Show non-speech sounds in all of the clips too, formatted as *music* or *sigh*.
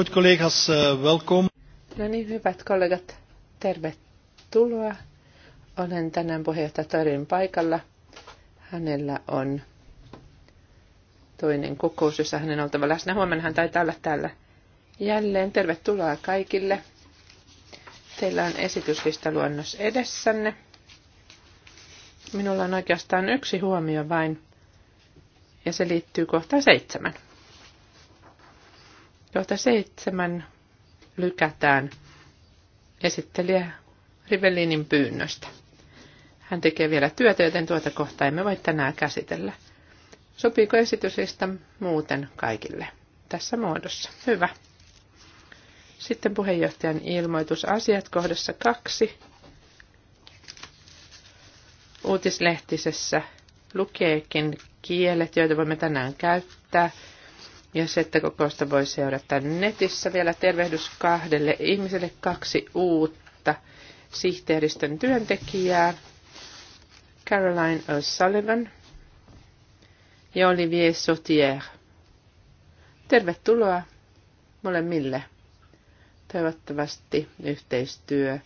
Goed collega's, eh, welkom. No niin, hyvät kollegat, tervetuloa. Olen tänään puheenjohtaja Tarin paikalla. Hänellä on toinen kokous, jossa hänen on oltava läsnä. Huomenna hän taitaa olla täällä jälleen. Tervetuloa kaikille. Teillä on esityslistaluonnos edessänne. Minulla on oikeastaan yksi huomio vain, ja se liittyy kohtaan seitsemän. Kohta seitsemän lykätään esittelijä Rivellinin pyynnöstä. Hän tekee vielä työtä, joten tuota kohtaa emme voi tänään käsitellä. Sopiiko esitysistä muuten kaikille tässä muodossa? Hyvä. Sitten puheenjohtajan asiat kohdassa kaksi. Uutislehtisessä lukeekin kielet, joita voimme tänään käyttää – ja se, että kokousta voi seurata netissä. Vielä tervehdys kahdelle ihmiselle, kaksi uutta sihteeristön työntekijää. Caroline O'Sullivan ja Olivier Sautier. Tervetuloa molemmille. Toivottavasti yhteistyö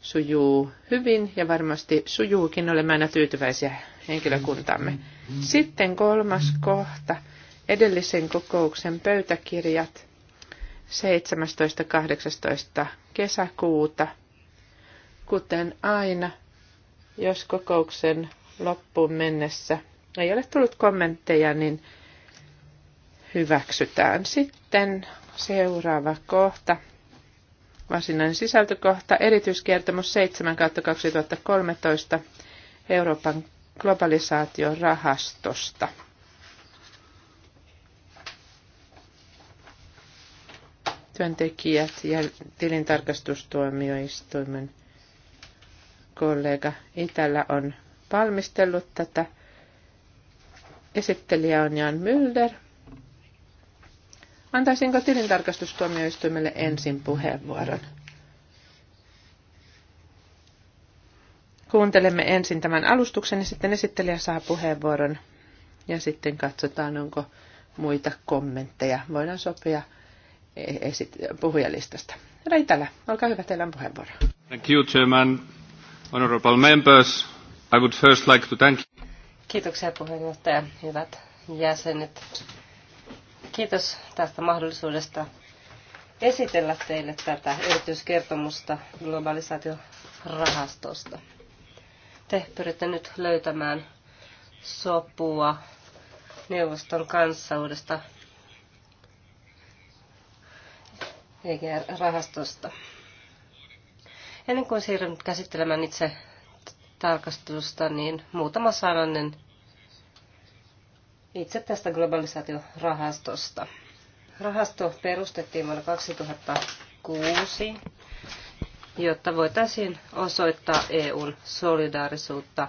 sujuu hyvin ja varmasti sujuukin. Olemme aina tyytyväisiä henkilökuntamme. Sitten kolmas kohta edellisen kokouksen pöytäkirjat 17.18. kesäkuuta. Kuten aina, jos kokouksen loppuun mennessä ei ole tullut kommentteja, niin hyväksytään. Sitten seuraava kohta, varsinainen sisältökohta, erityiskertomus 7 2013 Euroopan globalisaation rahastosta. työntekijät ja tilintarkastustuomioistuimen kollega Itällä on valmistellut tätä. Esittelijä on Jan Mylder. Antaisinko tilintarkastustuomioistuimelle ensin puheenvuoron? Kuuntelemme ensin tämän alustuksen ja sitten esittelijä saa puheenvuoron ja sitten katsotaan, onko muita kommentteja. Voidaan sopia esit- puhujalistasta. Reitala, olkaa hyvä, teillä on puheenvuoro. Thank you, Chairman. Honorable members, I would first like to thank you. Kiitoksia puheenjohtaja, hyvät jäsenet. Kiitos tästä mahdollisuudesta esitellä teille tätä erityiskertomusta globalisaatiorahastosta. Te pyritte nyt löytämään sopua neuvoston kanssa uudesta EGR-rahastosta. Ennen kuin siirryn käsittelemään itse tarkastusta, niin muutama sananen itse tästä globalisaatiorahastosta. Rahasto perustettiin vuonna 2006, jotta voitaisiin osoittaa EUn solidaarisuutta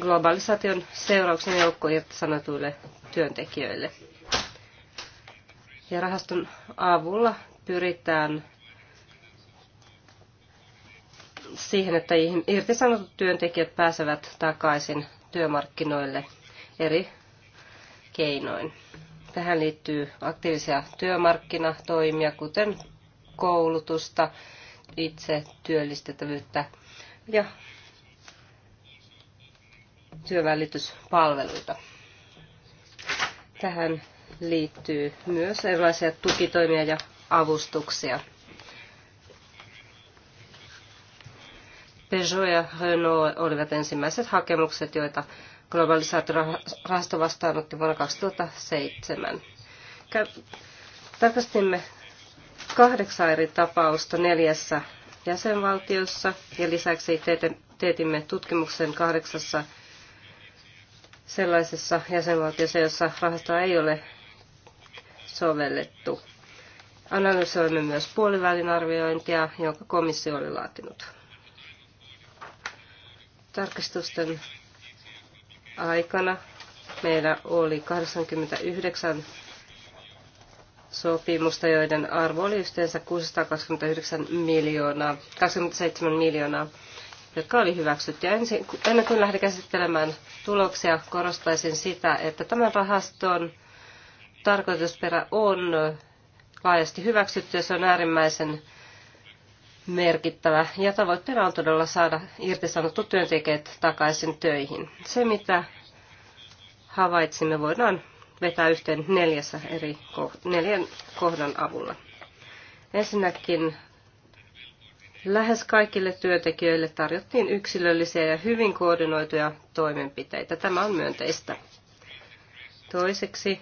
globalisaation seurauksen sanotuille työntekijöille. Ja rahaston avulla pyritään siihen, että irtisanotut työntekijät pääsevät takaisin työmarkkinoille eri keinoin. Tähän liittyy aktiivisia työmarkkinatoimia, kuten koulutusta, itse työllistettävyyttä ja työvälityspalveluita. Tähän liittyy myös erilaisia tukitoimia ja avustuksia. Peugeot ja Renault olivat ensimmäiset hakemukset, joita globalisaatiorahasto vastaanotti vuonna 2007. Tarkastimme kahdeksan eri tapausta neljässä jäsenvaltiossa ja lisäksi teetimme tutkimuksen kahdeksassa sellaisessa jäsenvaltiossa, jossa rahastoa ei ole sovellettu. Analysoimme myös puolivälin arviointia, jonka komissio oli laatinut. Tarkistusten aikana meillä oli 89 sopimusta, joiden arvo oli yhteensä 629 miljoonaa, 27 miljoonaa, jotka oli hyväksytty. Ja ensin, ennen kuin lähdin käsittelemään tuloksia, korostaisin sitä, että tämän rahaston tarkoitusperä on laajasti hyväksytty ja se on äärimmäisen merkittävä. Ja tavoitteena on todella saada irtisanottu työntekijät takaisin töihin. Se, mitä havaitsimme, voidaan vetää yhteen neljässä eri koht- neljän kohdan avulla. Ensinnäkin lähes kaikille työntekijöille tarjottiin yksilöllisiä ja hyvin koordinoituja toimenpiteitä. Tämä on myönteistä. Toiseksi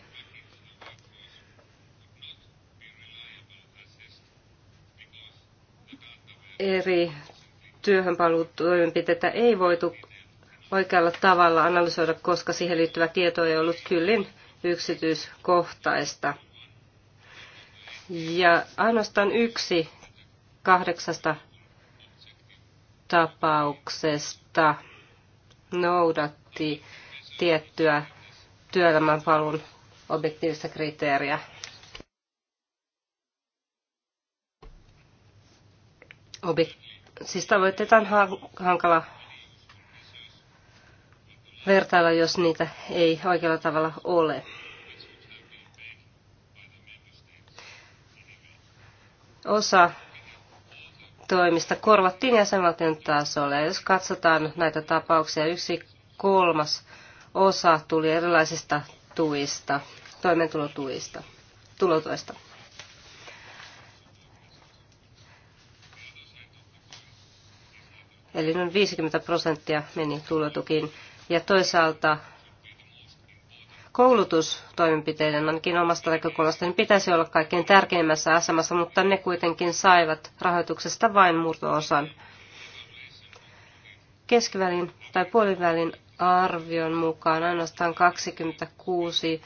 eri työhönpaluutoimenpiteitä ei voitu oikealla tavalla analysoida, koska siihen liittyvä tieto ei ollut kyllin yksityiskohtaista. Ja ainoastaan yksi kahdeksasta tapauksesta noudatti tiettyä työelämän palun objektiivista kriteeriä. obi. siis tavoitteita on hankala vertailla, jos niitä ei oikealla tavalla ole. Osa toimista korvattiin jäsenvaltion tasolla. Jos katsotaan näitä tapauksia, yksi kolmas osa tuli erilaisista tuista, toimeentulotuista, tulotuista. eli noin 50 prosenttia meni tulotukiin. Ja toisaalta koulutustoimenpiteiden, ainakin omasta näkökulmasta, niin pitäisi olla kaikkein tärkeimmässä asemassa, mutta ne kuitenkin saivat rahoituksesta vain murto-osan. Keskivälin tai puolivälin arvion mukaan ainoastaan 26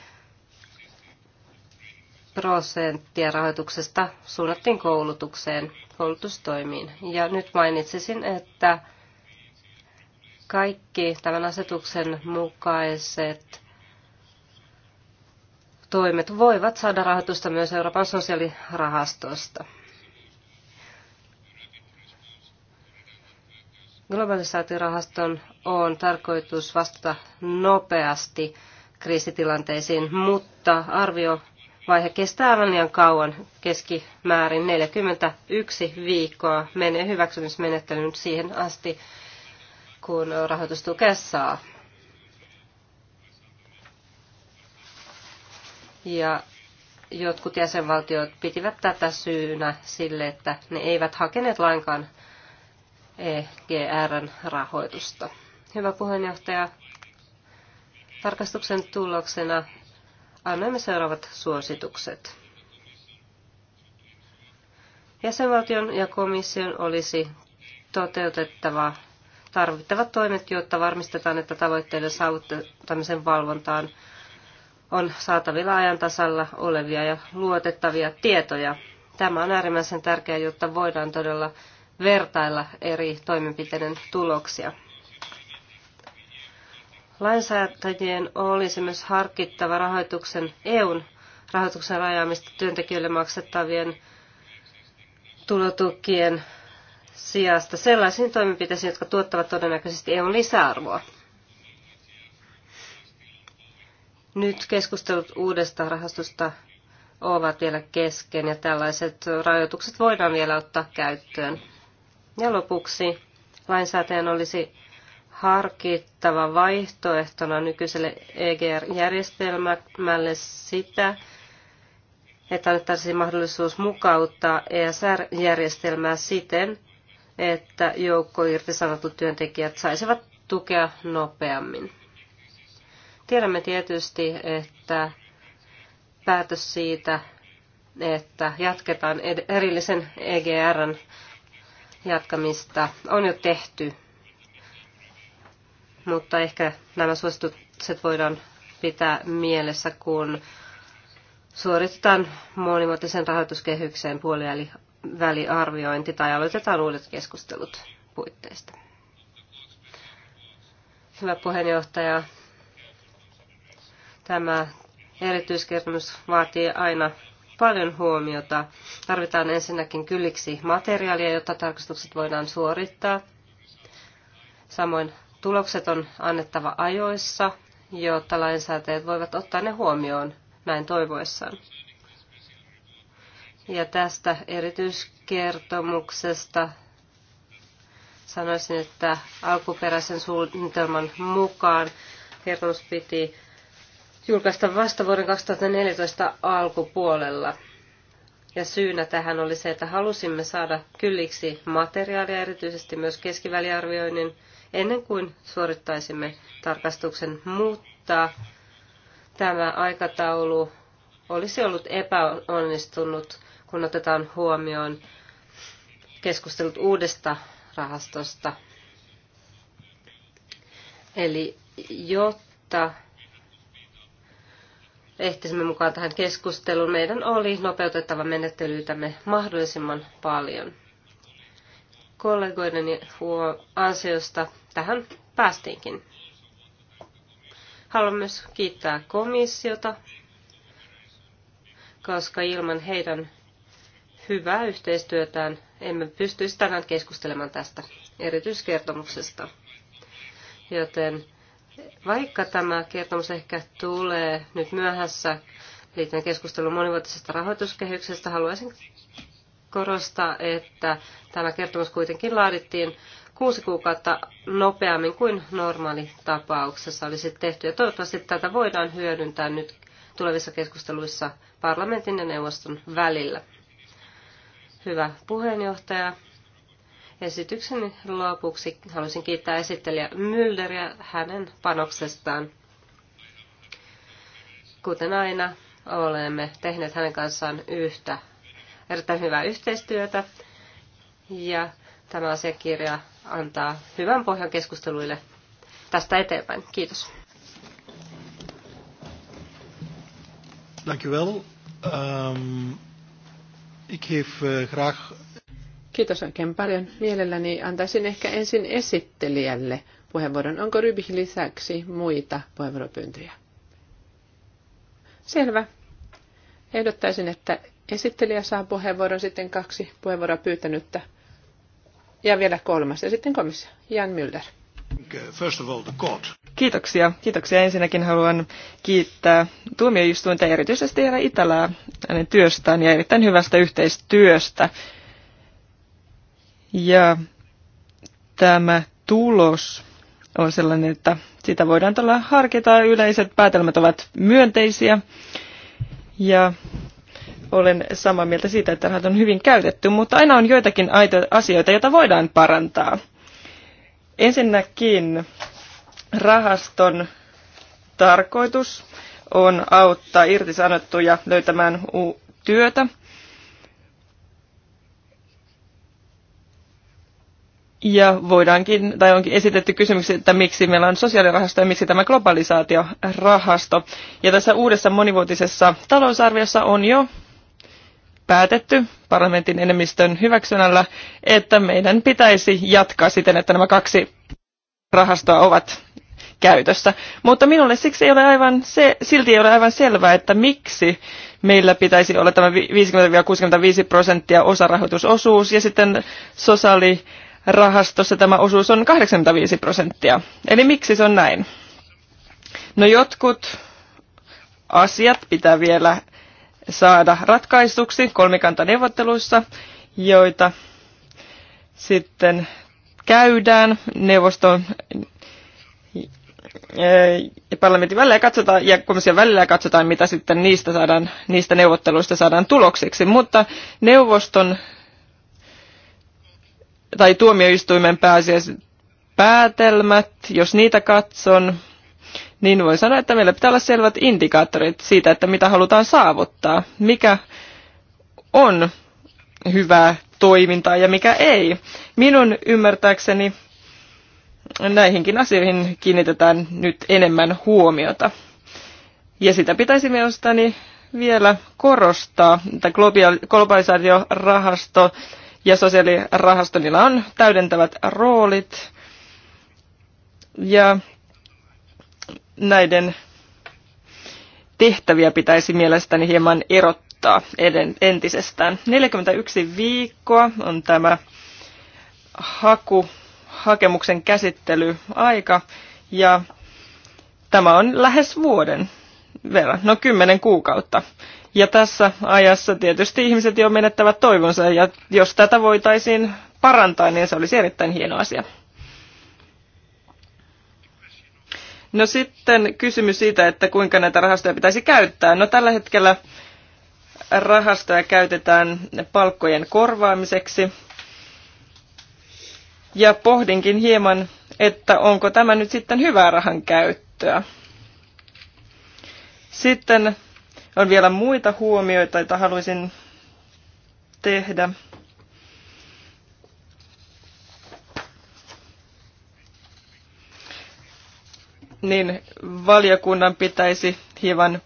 prosenttia rahoituksesta suunnattiin koulutukseen, koulutustoimiin. Ja nyt mainitsisin, että kaikki tämän asetuksen mukaiset toimet voivat saada rahoitusta myös Euroopan sosiaalirahastosta. Globalisaatiorahaston on tarkoitus vastata nopeasti kriisitilanteisiin, mutta arvio vaihe kestää aivan liian kauan, keskimäärin 41 viikkoa menee hyväksymismenettelyyn siihen asti, kun rahoitustukea saa. Ja jotkut jäsenvaltiot pitivät tätä syynä sille, että ne eivät hakeneet lainkaan EGRn rahoitusta. Hyvä puheenjohtaja, tarkastuksen tuloksena annamme seuraavat suositukset. Jäsenvaltion ja komission olisi toteutettava tarvittavat toimet, jotta varmistetaan, että tavoitteiden saavuttamisen valvontaan on saatavilla ajan tasalla olevia ja luotettavia tietoja. Tämä on äärimmäisen tärkeää, jotta voidaan todella vertailla eri toimenpiteiden tuloksia. Lainsäätäjien olisi myös harkittava rahoituksen, EUn rahoituksen rajaamista työntekijöille maksettavien tulotukien sijasta sellaisiin toimenpiteisiin, jotka tuottavat todennäköisesti EUn lisäarvoa. Nyt keskustelut uudesta rahastosta ovat vielä kesken ja tällaiset rajoitukset voidaan vielä ottaa käyttöön. Ja lopuksi lainsäätäjän olisi harkittava vaihtoehtona nykyiselle EGR-järjestelmälle sitä, että annettaisiin mahdollisuus mukauttaa ESR-järjestelmää siten, että joukko irtisanotut työntekijät saisivat tukea nopeammin. Tiedämme tietysti, että päätös siitä, että jatketaan erillisen EGRn jatkamista, on jo tehty mutta ehkä nämä suositukset voidaan pitää mielessä, kun suoritetaan monimuotoisen rahoituskehykseen väliarviointi tai aloitetaan uudet keskustelut puitteista. Hyvä puheenjohtaja, tämä erityiskertomus vaatii aina paljon huomiota. Tarvitaan ensinnäkin kylliksi materiaalia, jotta tarkastukset voidaan suorittaa. Samoin Tulokset on annettava ajoissa, jotta lainsäätäjät voivat ottaa ne huomioon näin toivoessaan. Ja tästä erityiskertomuksesta sanoisin, että alkuperäisen suunnitelman mukaan kertomus piti julkaista vasta vuoden 2014 alkupuolella. Ja syynä tähän oli se, että halusimme saada kylliksi materiaalia, erityisesti myös keskiväliarvioinnin ennen kuin suorittaisimme tarkastuksen, mutta tämä aikataulu olisi ollut epäonnistunut, kun otetaan huomioon keskustelut uudesta rahastosta. Eli jotta ehtisimme mukaan tähän keskusteluun, meidän oli nopeutettava menettelyitämme mahdollisimman paljon. Kollegoideni ansiosta tähän päästiinkin. Haluan myös kiittää komissiota, koska ilman heidän hyvää yhteistyötään emme pystyisi tänään keskustelemaan tästä erityiskertomuksesta. Joten vaikka tämä kertomus ehkä tulee nyt myöhässä liittyen keskustelun monivuotisesta rahoituskehyksestä, haluaisin korostaa, että tämä kertomus kuitenkin laadittiin kuusi kuukautta nopeammin kuin normaali tapauksessa olisi tehty. Ja toivottavasti tätä voidaan hyödyntää nyt tulevissa keskusteluissa parlamentin ja neuvoston välillä. Hyvä puheenjohtaja. Esityksen lopuksi haluaisin kiittää esittelijä Mylderiä hänen panoksestaan. Kuten aina, olemme tehneet hänen kanssaan yhtä erittäin hyvää yhteistyötä ja tämä asiakirja antaa hyvän pohjan keskusteluille tästä eteenpäin. Kiitos. Dank Um, ik geef uh, graag... Kiitos oikein paljon. Mielelläni antaisin ehkä ensin esittelijälle puheenvuoron. Onko Rybih lisäksi muita puheenvuoropyyntöjä? Selvä. Ehdottaisin, että Esittelijä saa puheenvuoron sitten kaksi puheenvuoroa pyytänyttä. Ja vielä kolmas ja sitten komissio. Jan Mylder. First of all, the court. Kiitoksia. Kiitoksia. Ensinnäkin haluan kiittää tuomioistuinta erityisesti Eera Itälää hänen työstään ja erittäin hyvästä yhteistyöstä. Ja tämä tulos on sellainen, että sitä voidaan tällä harkita. Yleiset päätelmät ovat myönteisiä. Ja olen samaa mieltä siitä, että rahat on hyvin käytetty, mutta aina on joitakin asioita, joita voidaan parantaa. Ensinnäkin rahaston tarkoitus on auttaa irtisanottuja löytämään työtä. Ja voidaankin, tai onkin esitetty kysymys, että miksi meillä on sosiaalirahasto ja miksi tämä globalisaatiorahasto. Ja tässä uudessa monivuotisessa talousarviossa on jo päätetty parlamentin enemmistön hyväksynnällä, että meidän pitäisi jatkaa siten, että nämä kaksi rahastoa ovat käytössä. Mutta minulle siksi ei ole aivan se, silti ei ole aivan selvää, että miksi meillä pitäisi olla tämä 50-65 prosenttia osarahoitusosuus ja sitten sosiaalirahastossa tämä osuus on 85 prosenttia. Eli miksi se on näin? No jotkut asiat pitää vielä saada ratkaistuksi kolmikantaneuvotteluissa, joita sitten käydään neuvoston ja parlamentin välillä ja katsotaan, ja komission välillä katsotaan, mitä sitten niistä, saadaan, niistä neuvotteluista saadaan tuloksiksi. Mutta neuvoston tai tuomioistuimen pääsiäiset päätelmät, jos niitä katson, niin voi sanoa, että meillä pitää olla selvät indikaattorit siitä, että mitä halutaan saavuttaa, mikä on hyvää toimintaa ja mikä ei. Minun ymmärtääkseni näihinkin asioihin kiinnitetään nyt enemmän huomiota. Ja sitä pitäisi mielestäni vielä korostaa, että globalisaatiorahasto ja sosiaalirahasto, niillä on täydentävät roolit. Ja näiden tehtäviä pitäisi mielestäni hieman erottaa entisestään. 41 viikkoa on tämä haku, hakemuksen käsittelyaika ja tämä on lähes vuoden verran, no kymmenen kuukautta. Ja tässä ajassa tietysti ihmiset jo menettävät toivonsa ja jos tätä voitaisiin parantaa, niin se olisi erittäin hieno asia. No sitten kysymys siitä, että kuinka näitä rahastoja pitäisi käyttää. No tällä hetkellä rahastoja käytetään palkkojen korvaamiseksi. Ja pohdinkin hieman, että onko tämä nyt sitten hyvää rahan käyttöä. Sitten on vielä muita huomioita, joita haluaisin tehdä. niin valiokunnan pitäisi hieman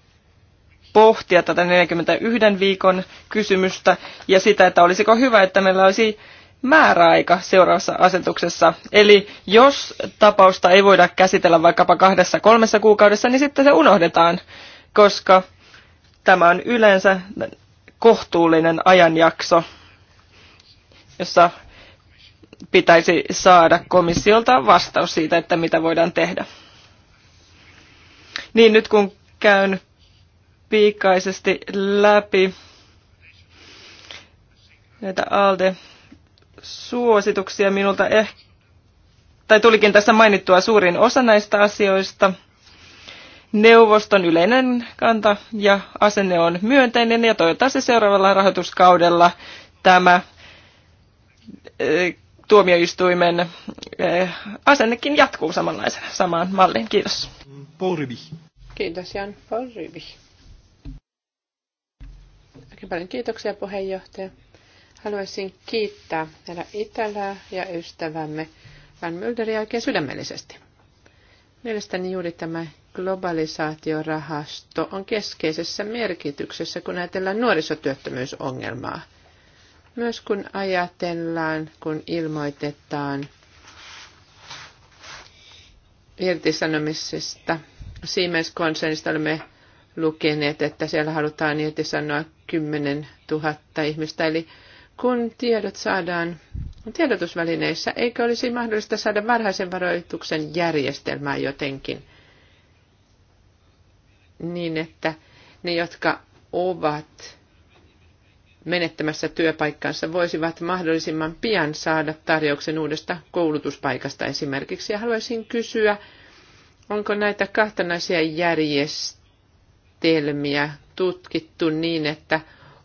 pohtia tätä 41 viikon kysymystä ja sitä, että olisiko hyvä, että meillä olisi määräaika seuraavassa asetuksessa. Eli jos tapausta ei voida käsitellä vaikkapa kahdessa kolmessa kuukaudessa, niin sitten se unohdetaan, koska tämä on yleensä kohtuullinen ajanjakso, jossa pitäisi saada komissiolta vastaus siitä, että mitä voidaan tehdä. Niin nyt kun käyn piikkaisesti läpi näitä ALDE suosituksia minulta ehkä, tai tulikin tässä mainittua suurin osa näistä asioista. Neuvoston yleinen kanta ja asenne on myönteinen ja toivottavasti seuraavalla rahoituskaudella tämä eh, tuomioistuimen eh, asennekin jatkuu samanlaisena samaan malliin. Kiitos. Kiitos Jan Forrivi. Oikein paljon kiitoksia puheenjohtaja. Haluaisin kiittää meidän Itälää ja ystävämme Van Mylderiä oikein sydämellisesti. Mielestäni juuri tämä globalisaatiorahasto on keskeisessä merkityksessä, kun ajatellaan nuorisotyöttömyysongelmaa. Myös kun ajatellaan, kun ilmoitetaan irtisanomisesta Siemens-konsernista olemme lukeneet, että siellä halutaan sanoa 10 000 ihmistä. Eli kun tiedot saadaan tiedotusvälineissä, eikö olisi mahdollista saada varhaisen varoituksen järjestelmää jotenkin niin, että ne, jotka ovat menettämässä työpaikkansa, voisivat mahdollisimman pian saada tarjouksen uudesta koulutuspaikasta esimerkiksi. Ja haluaisin kysyä, Onko näitä kahtanaisia järjestelmiä tutkittu niin, että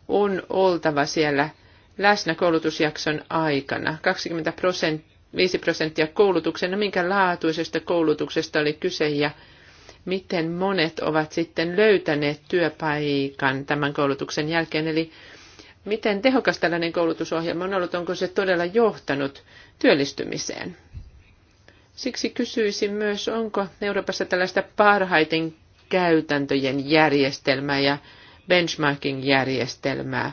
on oltava siellä läsnä koulutusjakson aikana? 20 prosenttia 5 prosenttia koulutuksen, no minkä laatuisesta koulutuksesta oli kyse ja miten monet ovat sitten löytäneet työpaikan tämän koulutuksen jälkeen. Eli miten tehokas tällainen koulutusohjelma on ollut, onko se todella johtanut työllistymiseen? Siksi kysyisin myös, onko Euroopassa tällaista parhaiten käytäntöjen järjestelmää ja benchmarking-järjestelmää,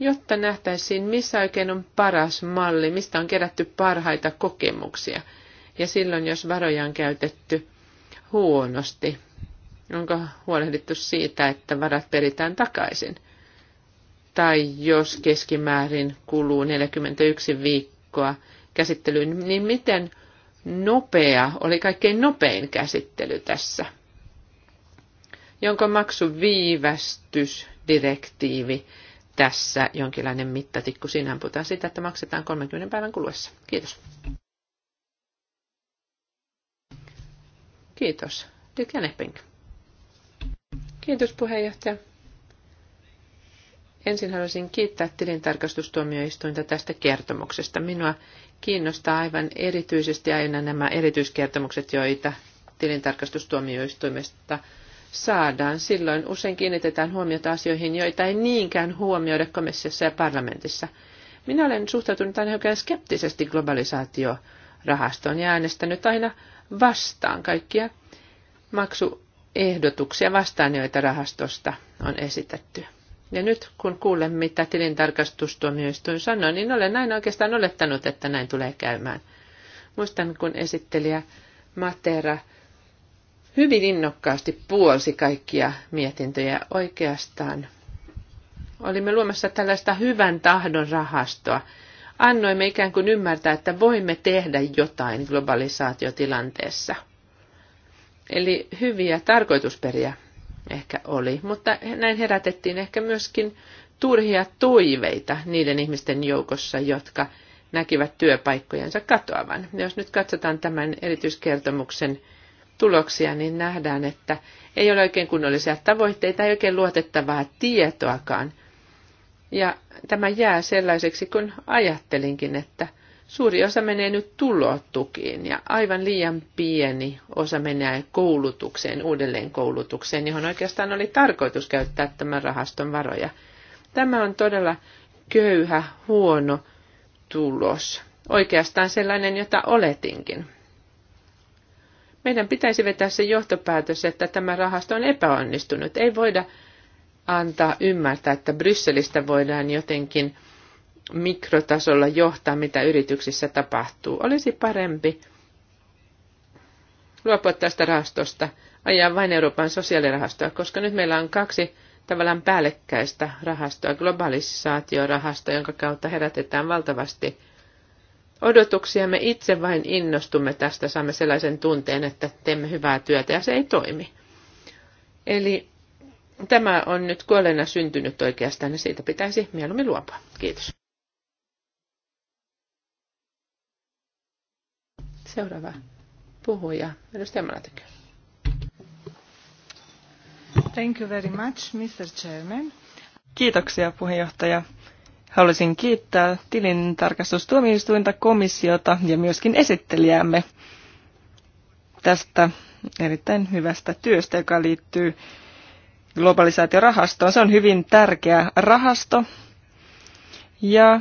jotta nähtäisiin, missä oikein on paras malli, mistä on kerätty parhaita kokemuksia. Ja silloin, jos varoja on käytetty huonosti, onko huolehdittu siitä, että varat peritään takaisin. Tai jos keskimäärin kuluu 41 viikkoa käsittelyyn, niin miten – nopea oli kaikkein nopein käsittely tässä, jonka viivästysdirektiivi tässä jonkinlainen mittatikku. Siinähän puhutaan siitä, että maksetaan 30 päivän kuluessa. Kiitos. Kiitos. Dykja Kiitos puheenjohtaja. Ensin haluaisin kiittää tilintarkastustuomioistuinta tästä kertomuksesta. Minua kiinnostaa aivan erityisesti aina nämä erityiskertomukset, joita tilintarkastustuomioistuimesta saadaan. Silloin usein kiinnitetään huomiota asioihin, joita ei niinkään huomioida komissiossa ja parlamentissa. Minä olen suhtautunut aina oikein skeptisesti globalisaatiorahastoon ja äänestänyt aina vastaan kaikkia maksuehdotuksia vastaan, joita rahastosta on esitetty. Ja nyt kun kuulen, mitä tilintarkastustuomioistuin sanoi, niin olen näin oikeastaan olettanut, että näin tulee käymään. Muistan, kun esittelijä Matera hyvin innokkaasti puolsi kaikkia mietintöjä oikeastaan. Olimme luomassa tällaista hyvän tahdon rahastoa. Annoimme ikään kuin ymmärtää, että voimme tehdä jotain globalisaatiotilanteessa. Eli hyviä tarkoitusperiä ehkä oli. Mutta näin herätettiin ehkä myöskin turhia toiveita niiden ihmisten joukossa, jotka näkivät työpaikkojensa katoavan. Jos nyt katsotaan tämän erityiskertomuksen tuloksia, niin nähdään, että ei ole oikein kunnollisia tavoitteita, ei oikein luotettavaa tietoakaan. Ja tämä jää sellaiseksi, kun ajattelinkin, että – Suuri osa menee nyt tulotukiin ja aivan liian pieni osa menee koulutukseen, uudelleen koulutukseen, johon oikeastaan oli tarkoitus käyttää tämän rahaston varoja. Tämä on todella köyhä, huono tulos. Oikeastaan sellainen, jota oletinkin. Meidän pitäisi vetää se johtopäätös, että tämä rahasto on epäonnistunut. Ei voida antaa ymmärtää, että Brysselistä voidaan jotenkin – mikrotasolla johtaa, mitä yrityksissä tapahtuu. Olisi parempi luopua tästä rahastosta, ajaa vain Euroopan sosiaalirahastoa, koska nyt meillä on kaksi tavallaan päällekkäistä rahastoa, globalisaatiorahasto, jonka kautta herätetään valtavasti odotuksia. Me itse vain innostumme tästä, saamme sellaisen tunteen, että teemme hyvää työtä ja se ei toimi. Eli tämä on nyt kuolleena syntynyt oikeastaan ja siitä pitäisi mieluummin luopua. Kiitos. Seuraava puhuja, edustaja Malatikö. Thank you very much, Mr. Chairman. Kiitoksia puheenjohtaja. Haluaisin kiittää tilintarkastustuomioistuinta, komissiota ja myöskin esittelijäämme tästä erittäin hyvästä työstä, joka liittyy globalisaatiorahastoon. Se on hyvin tärkeä rahasto, ja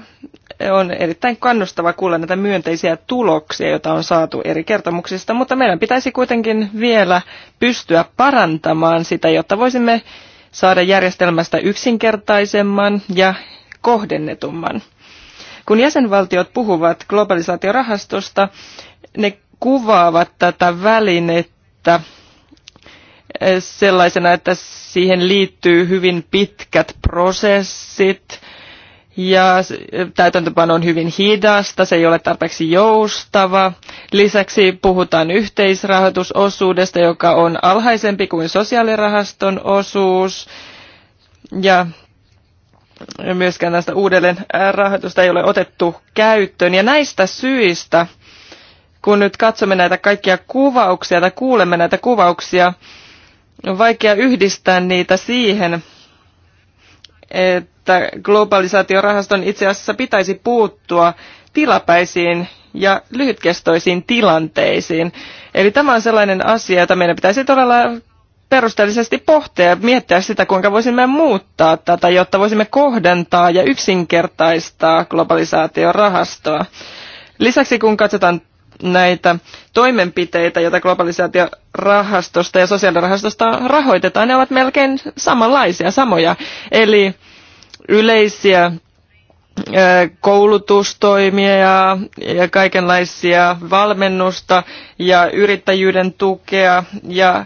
on erittäin kannustava kuulla näitä myönteisiä tuloksia, joita on saatu eri kertomuksista, mutta meidän pitäisi kuitenkin vielä pystyä parantamaan sitä, jotta voisimme saada järjestelmästä yksinkertaisemman ja kohdennetumman. Kun jäsenvaltiot puhuvat globalisaatiorahastosta, ne kuvaavat tätä välinettä eh, sellaisena, että siihen liittyy hyvin pitkät prosessit – ja täytäntöpano on hyvin hidasta, se ei ole tarpeeksi joustava. Lisäksi puhutaan yhteisrahoitusosuudesta, joka on alhaisempi kuin sosiaalirahaston osuus. Ja myöskään tästä uudelleen äh, rahoitusta ei ole otettu käyttöön. Ja näistä syistä, kun nyt katsomme näitä kaikkia kuvauksia tai kuulemme näitä kuvauksia, on vaikea yhdistää niitä siihen, että globalisaatiorahaston itse asiassa pitäisi puuttua tilapäisiin ja lyhytkestoisiin tilanteisiin. Eli tämä on sellainen asia, jota meidän pitäisi todella perusteellisesti pohtia ja miettiä sitä, kuinka voisimme muuttaa tätä, jotta voisimme kohdentaa ja yksinkertaistaa globalisaatiorahastoa. Lisäksi kun katsotaan näitä toimenpiteitä, joita globalisaatiorahastosta ja sosiaalirahastosta rahoitetaan, ne ovat melkein samanlaisia, samoja. Eli yleisiä koulutustoimia ja, ja kaikenlaisia valmennusta ja yrittäjyyden tukea ja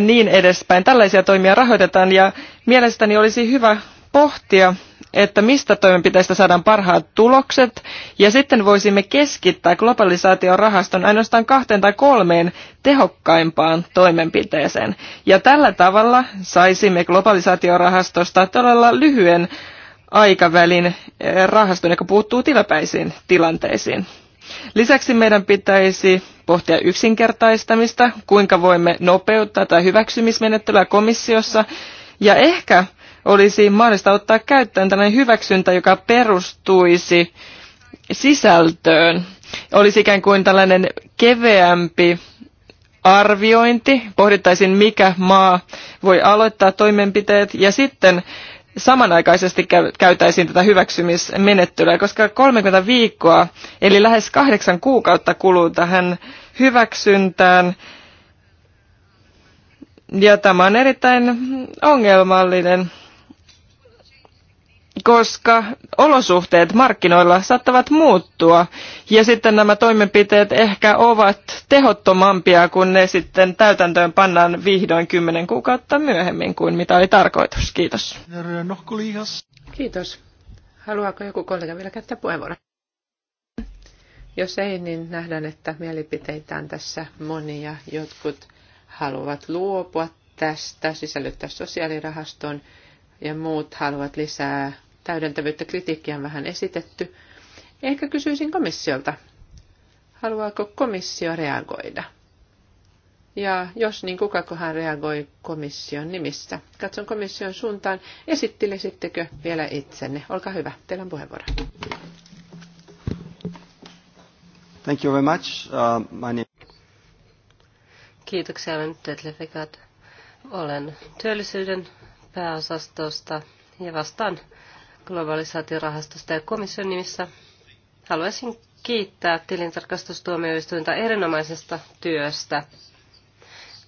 niin edespäin. Tällaisia toimia rahoitetaan ja mielestäni olisi hyvä pohtia että mistä toimenpiteistä saadaan parhaat tulokset, ja sitten voisimme keskittää globalisaation rahaston ainoastaan kahteen tai kolmeen tehokkaimpaan toimenpiteeseen. Ja tällä tavalla saisimme globalisaatiorahastosta todella lyhyen aikavälin eh, rahaston, joka puuttuu tilapäisiin tilanteisiin. Lisäksi meidän pitäisi pohtia yksinkertaistamista, kuinka voimme nopeuttaa tai hyväksymismenettelyä komissiossa ja ehkä olisi mahdollista ottaa käyttöön tällainen hyväksyntä, joka perustuisi sisältöön. Olisi ikään kuin tällainen keveämpi arviointi, pohdittaisiin mikä maa voi aloittaa toimenpiteet ja sitten samanaikaisesti käytäisiin tätä hyväksymismenettelyä, koska 30 viikkoa, eli lähes kahdeksan kuukautta kuluu tähän hyväksyntään. Ja tämä on erittäin ongelmallinen koska olosuhteet markkinoilla saattavat muuttua ja sitten nämä toimenpiteet ehkä ovat tehottomampia, kun ne sitten täytäntöön pannaan vihdoin kymmenen kuukautta myöhemmin kuin mitä oli tarkoitus. Kiitos. Kiitos. Haluaako joku kollega vielä käyttää puheenvuoron? Jos ei, niin nähdään, että mielipiteitä on tässä monia. Jotkut haluavat luopua tästä, sisällyttää sosiaalirahaston ja muut haluavat lisää täydentävyyttä. Kritiikkiä on vähän esitetty. Ehkä kysyisin komissiolta, haluaako komissio reagoida? Ja jos niin, kukakohan reagoi komission nimissä? Katson komission suuntaan. Esittelisittekö vielä itsenne? Olkaa hyvä, teillä on puheenvuoro. Thank you very much. Uh, my name... Kiitoksia, olen Detlefikat. Olen työllisyyden pääosastosta ja vastaan globalisaatiorahastosta ja komission nimissä haluaisin kiittää tilintarkastustuomioistuinta erinomaisesta työstä.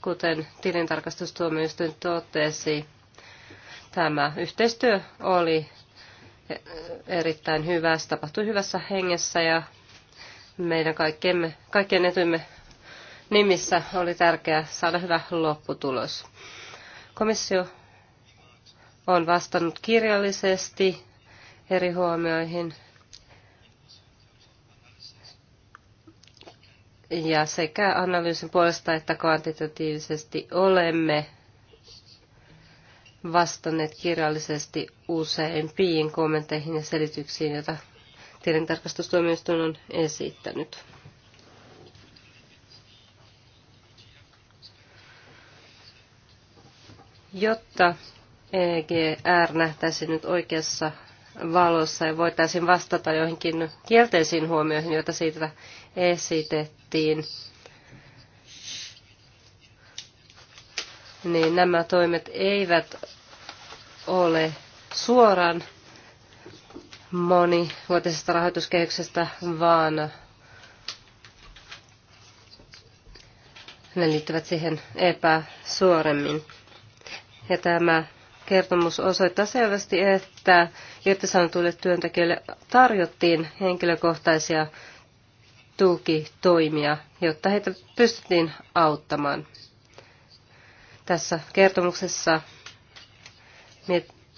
Kuten tilintarkastustuomioistuin totesi, tämä yhteistyö oli erittäin hyvä. Se tapahtui hyvässä hengessä ja meidän kaikkien etuimme nimissä oli tärkeää saada hyvä lopputulos. Komissio on vastannut kirjallisesti eri huomioihin. Ja sekä analyysin puolesta että kvantitatiivisesti olemme vastanneet kirjallisesti useimpiin kommentteihin ja selityksiin, joita tilintarkastustuomioistuin on esittänyt. Jotta EGR nähtäisi nyt oikeassa valossa ja voitaisiin vastata joihinkin kielteisiin huomioihin, joita siitä esitettiin. Niin nämä toimet eivät ole suoran monivuotisesta rahoituskehyksestä, vaan ne liittyvät siihen epäsuoremmin. Ja tämä kertomus osoittaa selvästi, että irtisanotuille työntekijöille tarjottiin henkilökohtaisia tukitoimia, jotta heitä pystyttiin auttamaan. Tässä kertomuksessa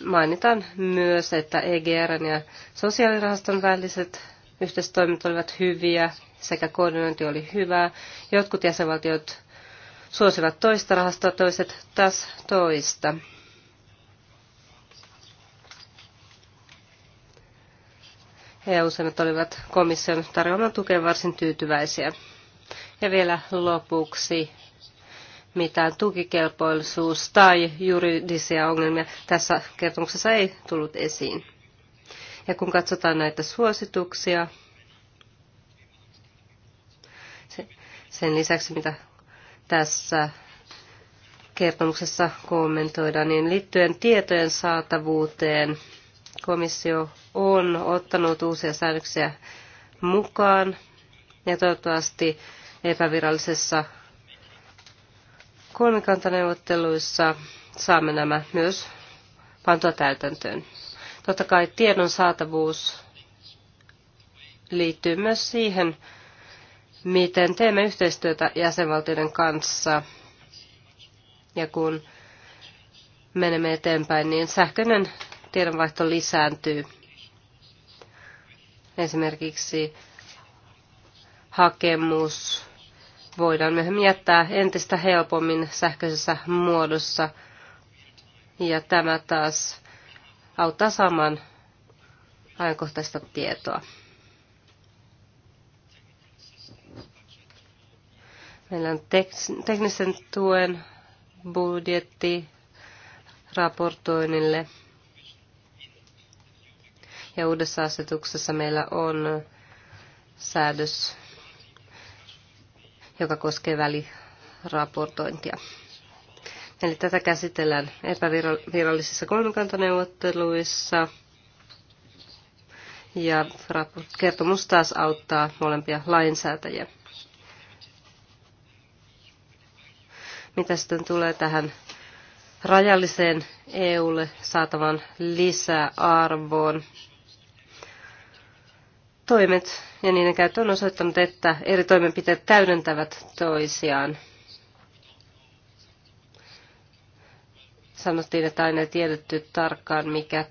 mainitaan myös, että EGRn ja sosiaalirahaston väliset yhteistoimet olivat hyviä sekä koordinointi oli hyvää. Jotkut jäsenvaltiot suosivat toista rahastoa, toiset taas toista. EU-sanat olivat komission tarjoaman tukeen varsin tyytyväisiä. Ja vielä lopuksi mitään tukikelpoisuus- tai juridisia ongelmia tässä kertomuksessa ei tullut esiin. Ja kun katsotaan näitä suosituksia, sen lisäksi mitä tässä kertomuksessa kommentoidaan, niin liittyen tietojen saatavuuteen – komissio on ottanut uusia säädöksiä mukaan ja toivottavasti epävirallisessa kolmikantaneuvotteluissa saamme nämä myös pantua täytäntöön. Totta kai tiedon saatavuus liittyy myös siihen, miten teemme yhteistyötä jäsenvaltioiden kanssa. Ja kun menemme eteenpäin, niin sähköinen tiedonvaihto lisääntyy. Esimerkiksi hakemus voidaan myöhemmin jättää entistä helpommin sähköisessä muodossa. Ja tämä taas auttaa saamaan ajankohtaista tietoa. Meillä on teknisen tuen budjetti raportoinnille ja uudessa asetuksessa meillä on säädös, joka koskee väliraportointia. Eli tätä käsitellään epävirallisissa kolmikantaneuvotteluissa. Ja kertomus taas auttaa molempia lainsäätäjiä. Mitä sitten tulee tähän rajalliseen EUlle saatavan lisäarvoon, toimet ja niiden käyttö on osoittanut, että eri toimenpiteet täydentävät toisiaan. Sanottiin, että aina ei tiedetty tarkkaan, mikä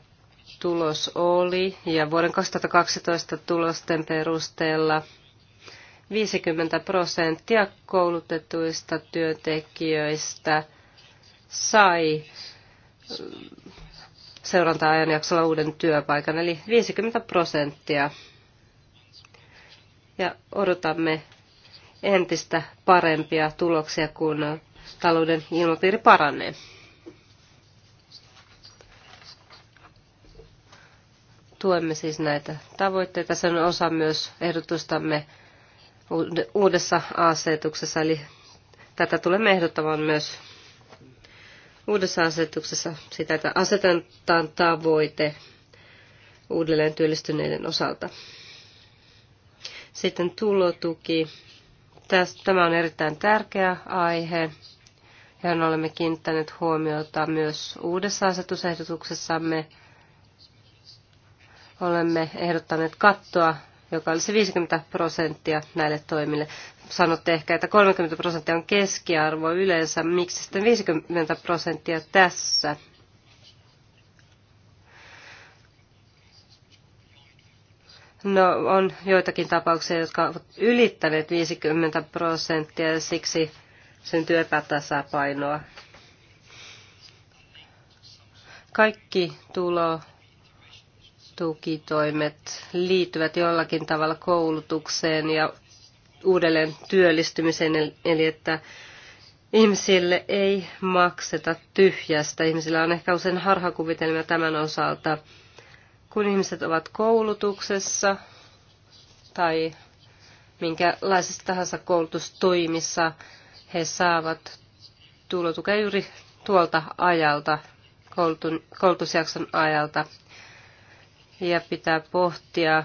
tulos oli. Ja vuoden 2012 tulosten perusteella 50 prosenttia koulutetuista työntekijöistä sai seuranta-ajanjaksolla uuden työpaikan, eli 50 prosenttia ja odotamme entistä parempia tuloksia, kun talouden ilmapiiri paranee. Tuemme siis näitä tavoitteita. Se on osa myös ehdotustamme uudessa asetuksessa, eli tätä tulemme ehdottamaan myös uudessa asetuksessa sitä, että asetetaan tavoite uudelleen työllistyneiden osalta. Sitten tulotuki. Tämä on erittäin tärkeä aihe, johon olemme kiinnittäneet huomiota myös uudessa asetusehdotuksessamme. Olemme ehdottaneet kattoa, joka olisi 50 prosenttia näille toimille. Sanotte ehkä, että 30 prosenttia on keskiarvo yleensä. Miksi sitten 50 prosenttia tässä? No, on joitakin tapauksia, jotka ovat ylittäneet 50 prosenttia ja siksi syntyy epätasapainoa. Kaikki tulo tukitoimet liittyvät jollakin tavalla koulutukseen ja uudelleen työllistymiseen, eli että ihmisille ei makseta tyhjästä. Ihmisillä on ehkä usein harhakuvitelmia tämän osalta kun ihmiset ovat koulutuksessa tai minkälaisessa tahansa koulutustoimissa he saavat tulotukea juuri tuolta ajalta, koulutusjakson ajalta. Ja pitää pohtia,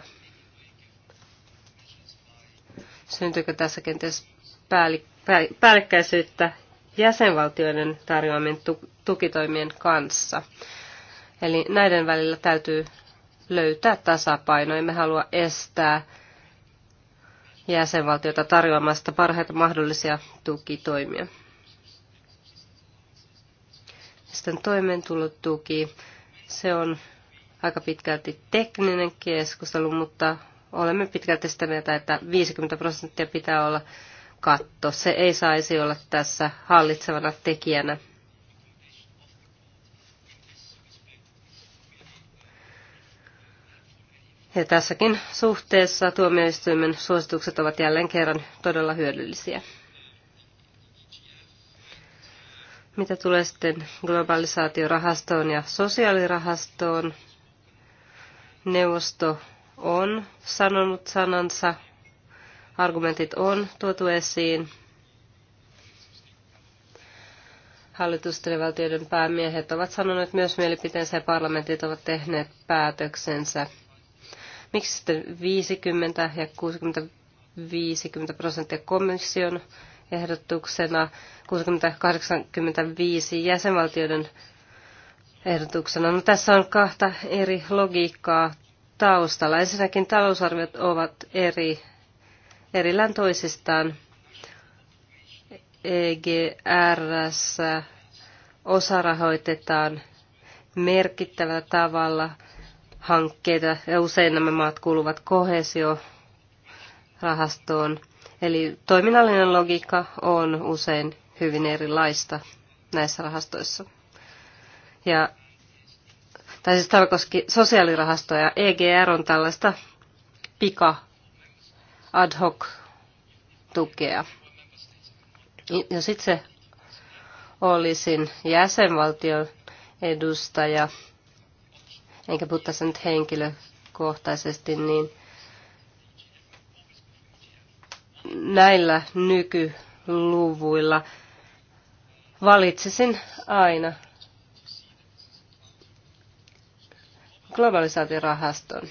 syntyykö tässä kenties päällekkäisyyttä jäsenvaltioiden tarjoamien tukitoimien kanssa. Eli näiden välillä täytyy löytää tasapaino. Emme halua estää jäsenvaltiota tarjoamasta parhaita mahdollisia tukitoimia. Sitten toimeentulotuki. Se on aika pitkälti tekninen keskustelu, mutta olemme pitkälti sitä mieltä, että 50 prosenttia pitää olla katto. Se ei saisi olla tässä hallitsevana tekijänä. Ja tässäkin suhteessa tuomioistuimen suositukset ovat jälleen kerran todella hyödyllisiä. Mitä tulee sitten globalisaatiorahastoon ja sosiaalirahastoon, neuvosto on sanonut sanansa, argumentit on tuotu esiin. Hallitusten ja valtioiden päämiehet ovat sanoneet myös mielipiteensä ja parlamentit ovat tehneet päätöksensä – Miksi sitten 50 ja 60, 50 prosenttia komission ehdotuksena, 60-85 jäsenvaltioiden ehdotuksena. No, tässä on kahta eri logiikkaa taustalla. Ensinnäkin talousarviot ovat eri, erillään toisistaan. EGRS osarahoitetaan merkittävällä tavalla – hankkeita ja usein nämä maat kuuluvat kohesiorahastoon. Eli toiminnallinen logiikka on usein hyvin erilaista näissä rahastoissa. Ja, tai siis tarkoski sosiaalirahasto ja EGR on tällaista pika ad hoc tukea. Jos itse olisin jäsenvaltion edustaja, enkä puhuta sen nyt henkilökohtaisesti, niin näillä nykyluvuilla valitsisin aina globalisaatiorahaston.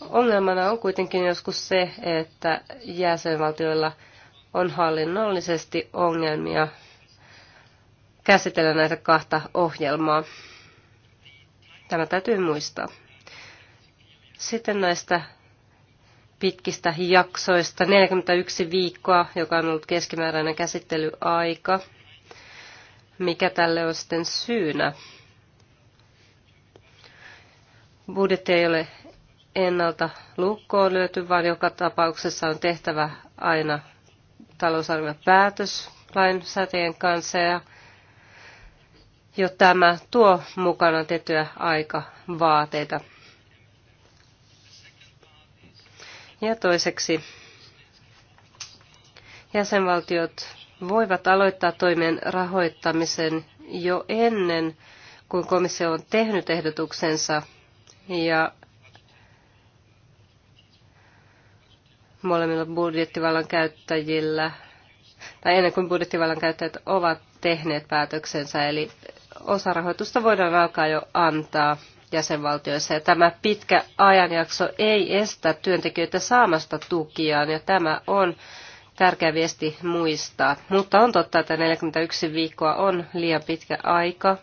Ongelmana on kuitenkin joskus se, että jäsenvaltioilla on hallinnollisesti ongelmia käsitellä näitä kahta ohjelmaa. Tämä täytyy muistaa. Sitten näistä pitkistä jaksoista, 41 viikkoa, joka on ollut keskimääräinen käsittelyaika. Mikä tälle on sitten syynä? Budjetti ei ole ennalta lukkoon löyty, vaan joka tapauksessa on tehtävä aina päätös lainsäätäjien kanssa ja jo tämä tuo mukana aika vaateita. Ja toiseksi jäsenvaltiot voivat aloittaa toimen rahoittamisen jo ennen kuin komissio on tehnyt ehdotuksensa ja molemmilla budjettivallan käyttäjillä, tai ennen kuin budjettivallan käyttäjät ovat tehneet päätöksensä, eli osa rahoitusta voidaan alkaa jo antaa jäsenvaltioissa. Ja tämä pitkä ajanjakso ei estä työntekijöitä saamasta tukiaan, ja tämä on tärkeä viesti muistaa. Mutta on totta, että 41 viikkoa on liian pitkä aika,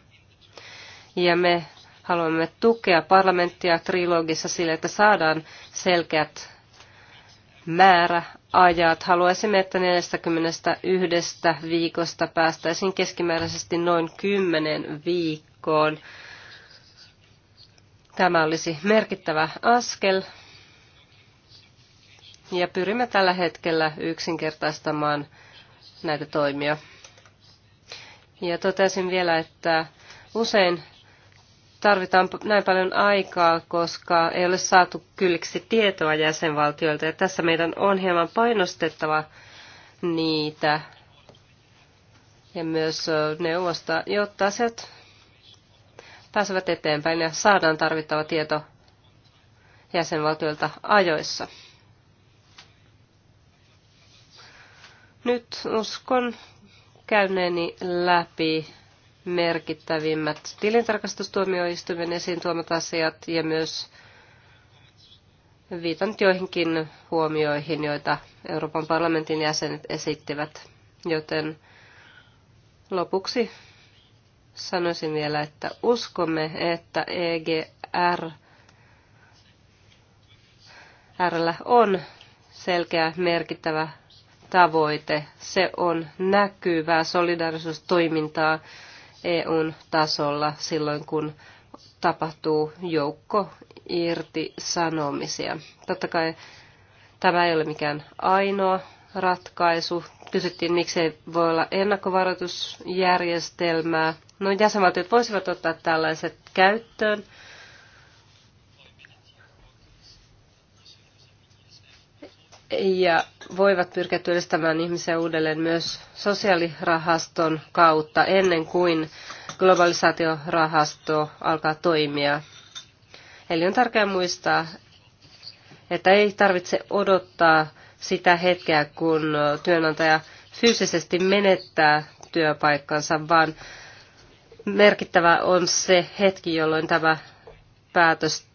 ja me haluamme tukea parlamenttia trilogissa sille, että saadaan selkeät Määrä ajat. Haluaisimme, että 41 viikosta päästäisiin keskimääräisesti noin 10 viikkoon. Tämä olisi merkittävä askel ja pyrimme tällä hetkellä yksinkertaistamaan näitä toimia. Ja totesin vielä, että usein tarvitaan näin paljon aikaa, koska ei ole saatu kylliksi tietoa jäsenvaltioilta. Ja tässä meidän on hieman painostettava niitä ja myös neuvosta, jotta asiat pääsevät eteenpäin ja saadaan tarvittava tieto jäsenvaltioilta ajoissa. Nyt uskon käyneeni läpi merkittävimmät tilintarkastustuomioistuimen esiin tuomat asiat ja myös viitan joihinkin huomioihin, joita Euroopan parlamentin jäsenet esittivät. Joten lopuksi sanoisin vielä, että uskomme, että EGR Rllä on selkeä merkittävä tavoite. Se on näkyvää solidarisuustoimintaa, EUn tasolla silloin, kun tapahtuu joukko irtisanomisia. Totta kai tämä ei ole mikään ainoa ratkaisu. Kysyttiin, miksei voi olla ennakkovaroitusjärjestelmää. No jäsenvaltiot voisivat ottaa tällaiset käyttöön. Ja voivat pyrkiä työllistämään ihmisiä uudelleen myös sosiaalirahaston kautta ennen kuin globalisaatiorahasto alkaa toimia. Eli on tärkeää muistaa, että ei tarvitse odottaa sitä hetkeä, kun työnantaja fyysisesti menettää työpaikkansa, vaan merkittävä on se hetki, jolloin tämä päätös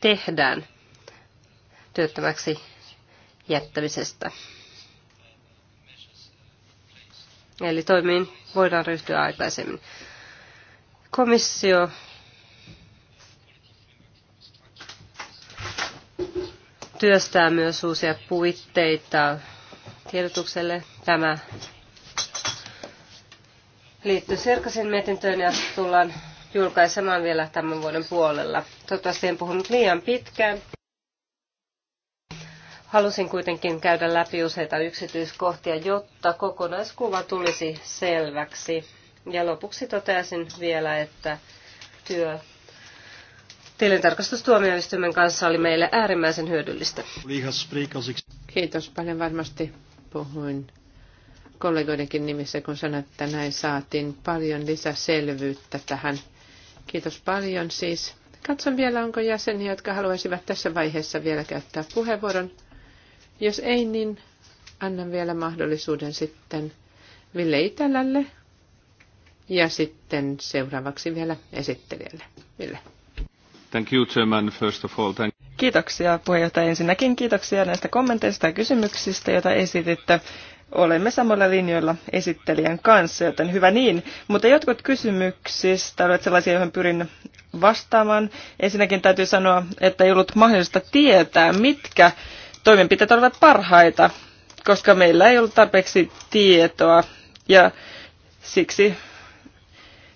tehdään työttömäksi jättämisestä. Eli toimiin voidaan ryhtyä aikaisemmin. Komissio työstää myös uusia puitteita tiedotukselle. Tämä liittyy sirkasin mietintöön ja tullaan julkaisemaan vielä tämän vuoden puolella. Toivottavasti en puhunut liian pitkään. Halusin kuitenkin käydä läpi useita yksityiskohtia, jotta kokonaiskuva tulisi selväksi. Ja lopuksi toteaisin vielä, että työ tilintarkastustuomioistuimen kanssa oli meille äärimmäisen hyödyllistä. Kiitos paljon varmasti puhuin kollegoidenkin nimissä, kun sanoin, että näin saatiin paljon lisäselvyyttä tähän. Kiitos paljon siis. Katson vielä, onko jäseniä, jotka haluaisivat tässä vaiheessa vielä käyttää puheenvuoron. Jos ei, niin annan vielä mahdollisuuden sitten Ville Itälälle ja sitten seuraavaksi vielä esittelijälle. Ville. Thank you, Chairman, first of all. Thank Kiitoksia puheenjohtaja. Ensinnäkin kiitoksia näistä kommenteista ja kysymyksistä, joita esititte. Olemme samalla linjoilla esittelijän kanssa, joten hyvä niin. Mutta jotkut kysymyksistä olet sellaisia, joihin pyrin vastaamaan. Ensinnäkin täytyy sanoa, että ei ollut mahdollista tietää, mitkä toimenpiteet olivat parhaita, koska meillä ei ollut tarpeeksi tietoa ja siksi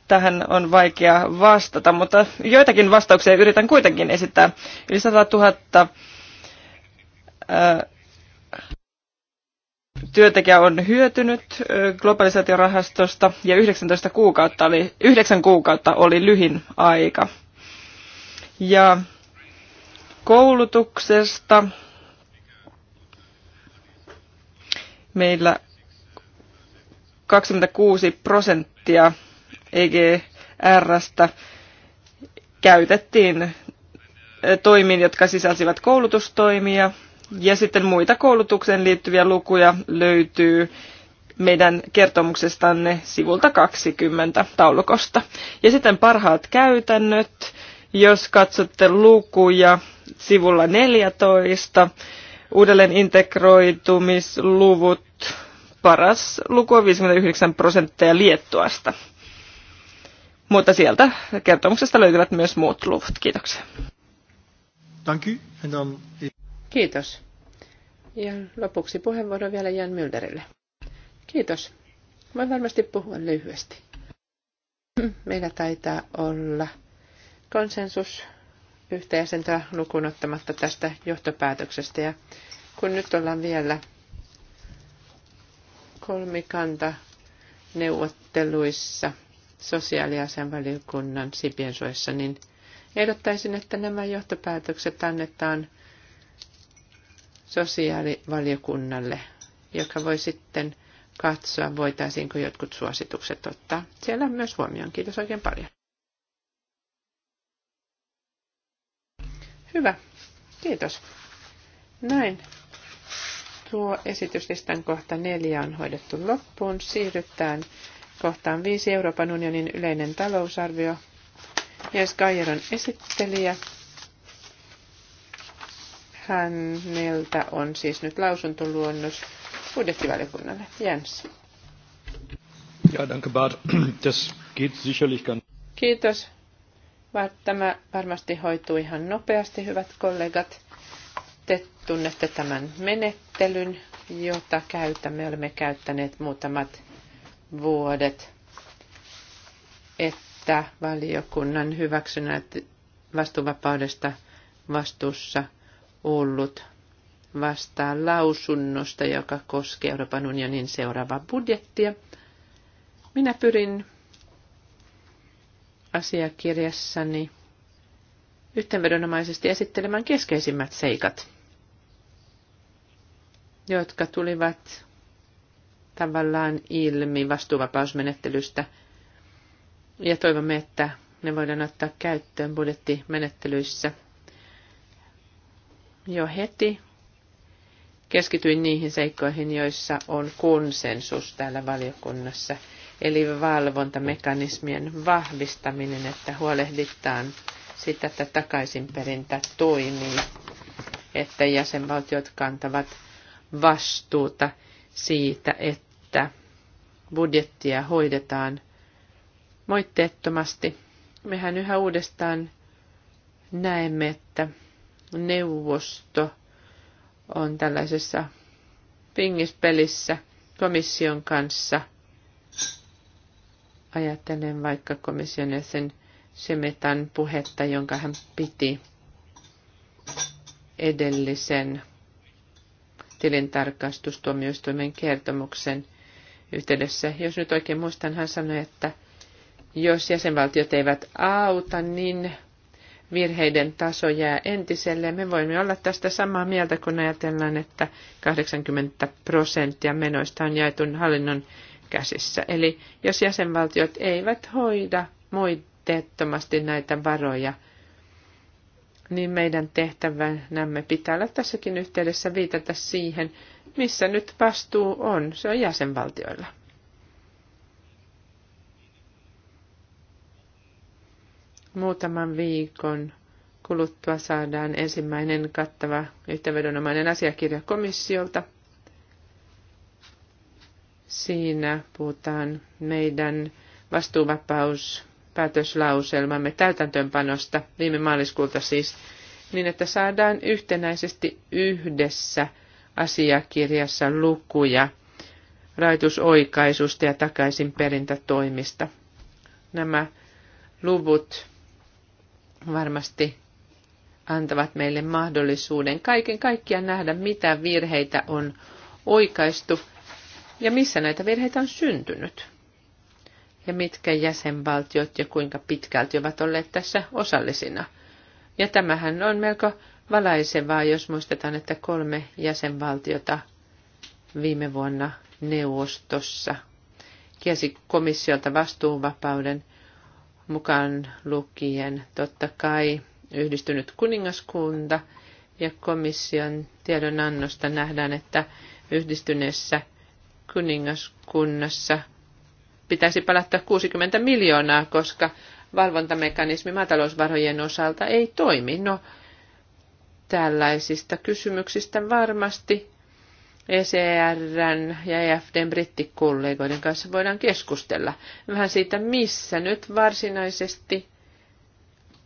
tähän on vaikea vastata, mutta joitakin vastauksia yritän kuitenkin esittää. Yli 100 000 työntekijä on hyötynyt globalisaatiorahastosta ja 19 kuukautta oli, 9 kuukautta oli lyhin aika. Ja koulutuksesta meillä 26 prosenttia EGRstä käytettiin toimiin, jotka sisälsivät koulutustoimia. Ja sitten muita koulutukseen liittyviä lukuja löytyy meidän kertomuksestanne sivulta 20 taulukosta. Ja sitten parhaat käytännöt, jos katsotte lukuja sivulla 14, uudelleen integroitumisluvut. Paras luku on 59 prosenttia Liettuasta. Mutta sieltä kertomuksesta löytyvät myös muut luvut. Kiitoksia. Um, Kiitos. Ja lopuksi puheenvuoro vielä Jan Mylderille. Kiitos. Voin varmasti puhua lyhyesti. *clears throat* Meillä taitaa olla konsensus yhtä jäsentöä lukuun ottamatta tästä johtopäätöksestä. Ja kun nyt ollaan vielä kolmikanta neuvotteluissa sosiaaliasianvaliokunnan Sipiensuojassa, niin ehdottaisin, että nämä johtopäätökset annetaan sosiaalivaliokunnalle, joka voi sitten katsoa, voitaisiinko jotkut suositukset ottaa siellä myös huomioon. Kiitos oikein paljon. Hyvä. Kiitos. Näin. Tuo esityslistan kohta neljä on hoidettu loppuun. Siirrytään kohtaan viisi Euroopan unionin yleinen talousarvio. Jens Kajer on esittelijä. Häneltä on siis nyt lausuntoluonnos budjettivaliokunnalle. Jens. Ja, danke Bart. Das geht sicherlich ganz... Kiitos. Tämä varmasti hoituu ihan nopeasti, hyvät kollegat. Te tunnette tämän menettelyn, jota käytämme. Olemme käyttäneet muutamat vuodet, että valiokunnan hyväksynnät vastuuvapaudesta vastuussa ollut vastaa lausunnosta, joka koskee Euroopan unionin seuraavaa budjettia. Minä pyrin asiakirjassani yhteenvedonomaisesti esittelemään keskeisimmät seikat, jotka tulivat tavallaan ilmi vastuuvapausmenettelystä. Ja toivomme, että ne voidaan ottaa käyttöön budjettimenettelyissä jo heti. Keskityin niihin seikkoihin, joissa on konsensus täällä valiokunnassa – eli valvontamekanismien vahvistaminen, että huolehditaan sitä, että takaisinperintä toimii, että jäsenvaltiot kantavat vastuuta siitä, että budjettia hoidetaan moitteettomasti. Mehän yhä uudestaan näemme, että neuvosto on tällaisessa pingispelissä komission kanssa – Ajattelen vaikka komission jäsen Semetan puhetta, jonka hän piti edellisen tilintarkastustuomioistuimen kertomuksen yhteydessä. Jos nyt oikein muistan, hän sanoi, että jos jäsenvaltiot eivät auta, niin virheiden taso jää entiselle. Me voimme olla tästä samaa mieltä, kun ajatellaan, että 80 prosenttia menoista on jaetun hallinnon käsissä. Eli jos jäsenvaltiot eivät hoida moitteettomasti näitä varoja, niin meidän tehtävänämme pitää olla tässäkin yhteydessä viitata siihen, missä nyt vastuu on. Se on jäsenvaltioilla. Muutaman viikon kuluttua saadaan ensimmäinen kattava yhteenvedonomainen asiakirja komissiolta – Siinä puhutaan meidän vastuuvapaus päätöslauselmamme täytäntöönpanosta viime maaliskuulta siis, niin että saadaan yhtenäisesti yhdessä asiakirjassa lukuja rajoitusoikaisusta ja perintätoimista. Nämä luvut varmasti antavat meille mahdollisuuden kaiken kaikkiaan nähdä, mitä virheitä on oikaistu ja missä näitä virheitä on syntynyt ja mitkä jäsenvaltiot ja kuinka pitkälti ovat olleet tässä osallisina. Ja tämähän on melko valaisevaa, jos muistetaan, että kolme jäsenvaltiota viime vuonna neuvostossa kiesi komissiolta vastuuvapauden mukaan lukien totta kai yhdistynyt kuningaskunta ja komission tiedonannosta nähdään, että yhdistyneessä kuningaskunnassa pitäisi palauttaa 60 miljoonaa, koska valvontamekanismi maatalousvarojen osalta ei toimi. No, tällaisista kysymyksistä varmasti ECRn ja EFDn brittikollegoiden kanssa voidaan keskustella vähän siitä, missä nyt varsinaisesti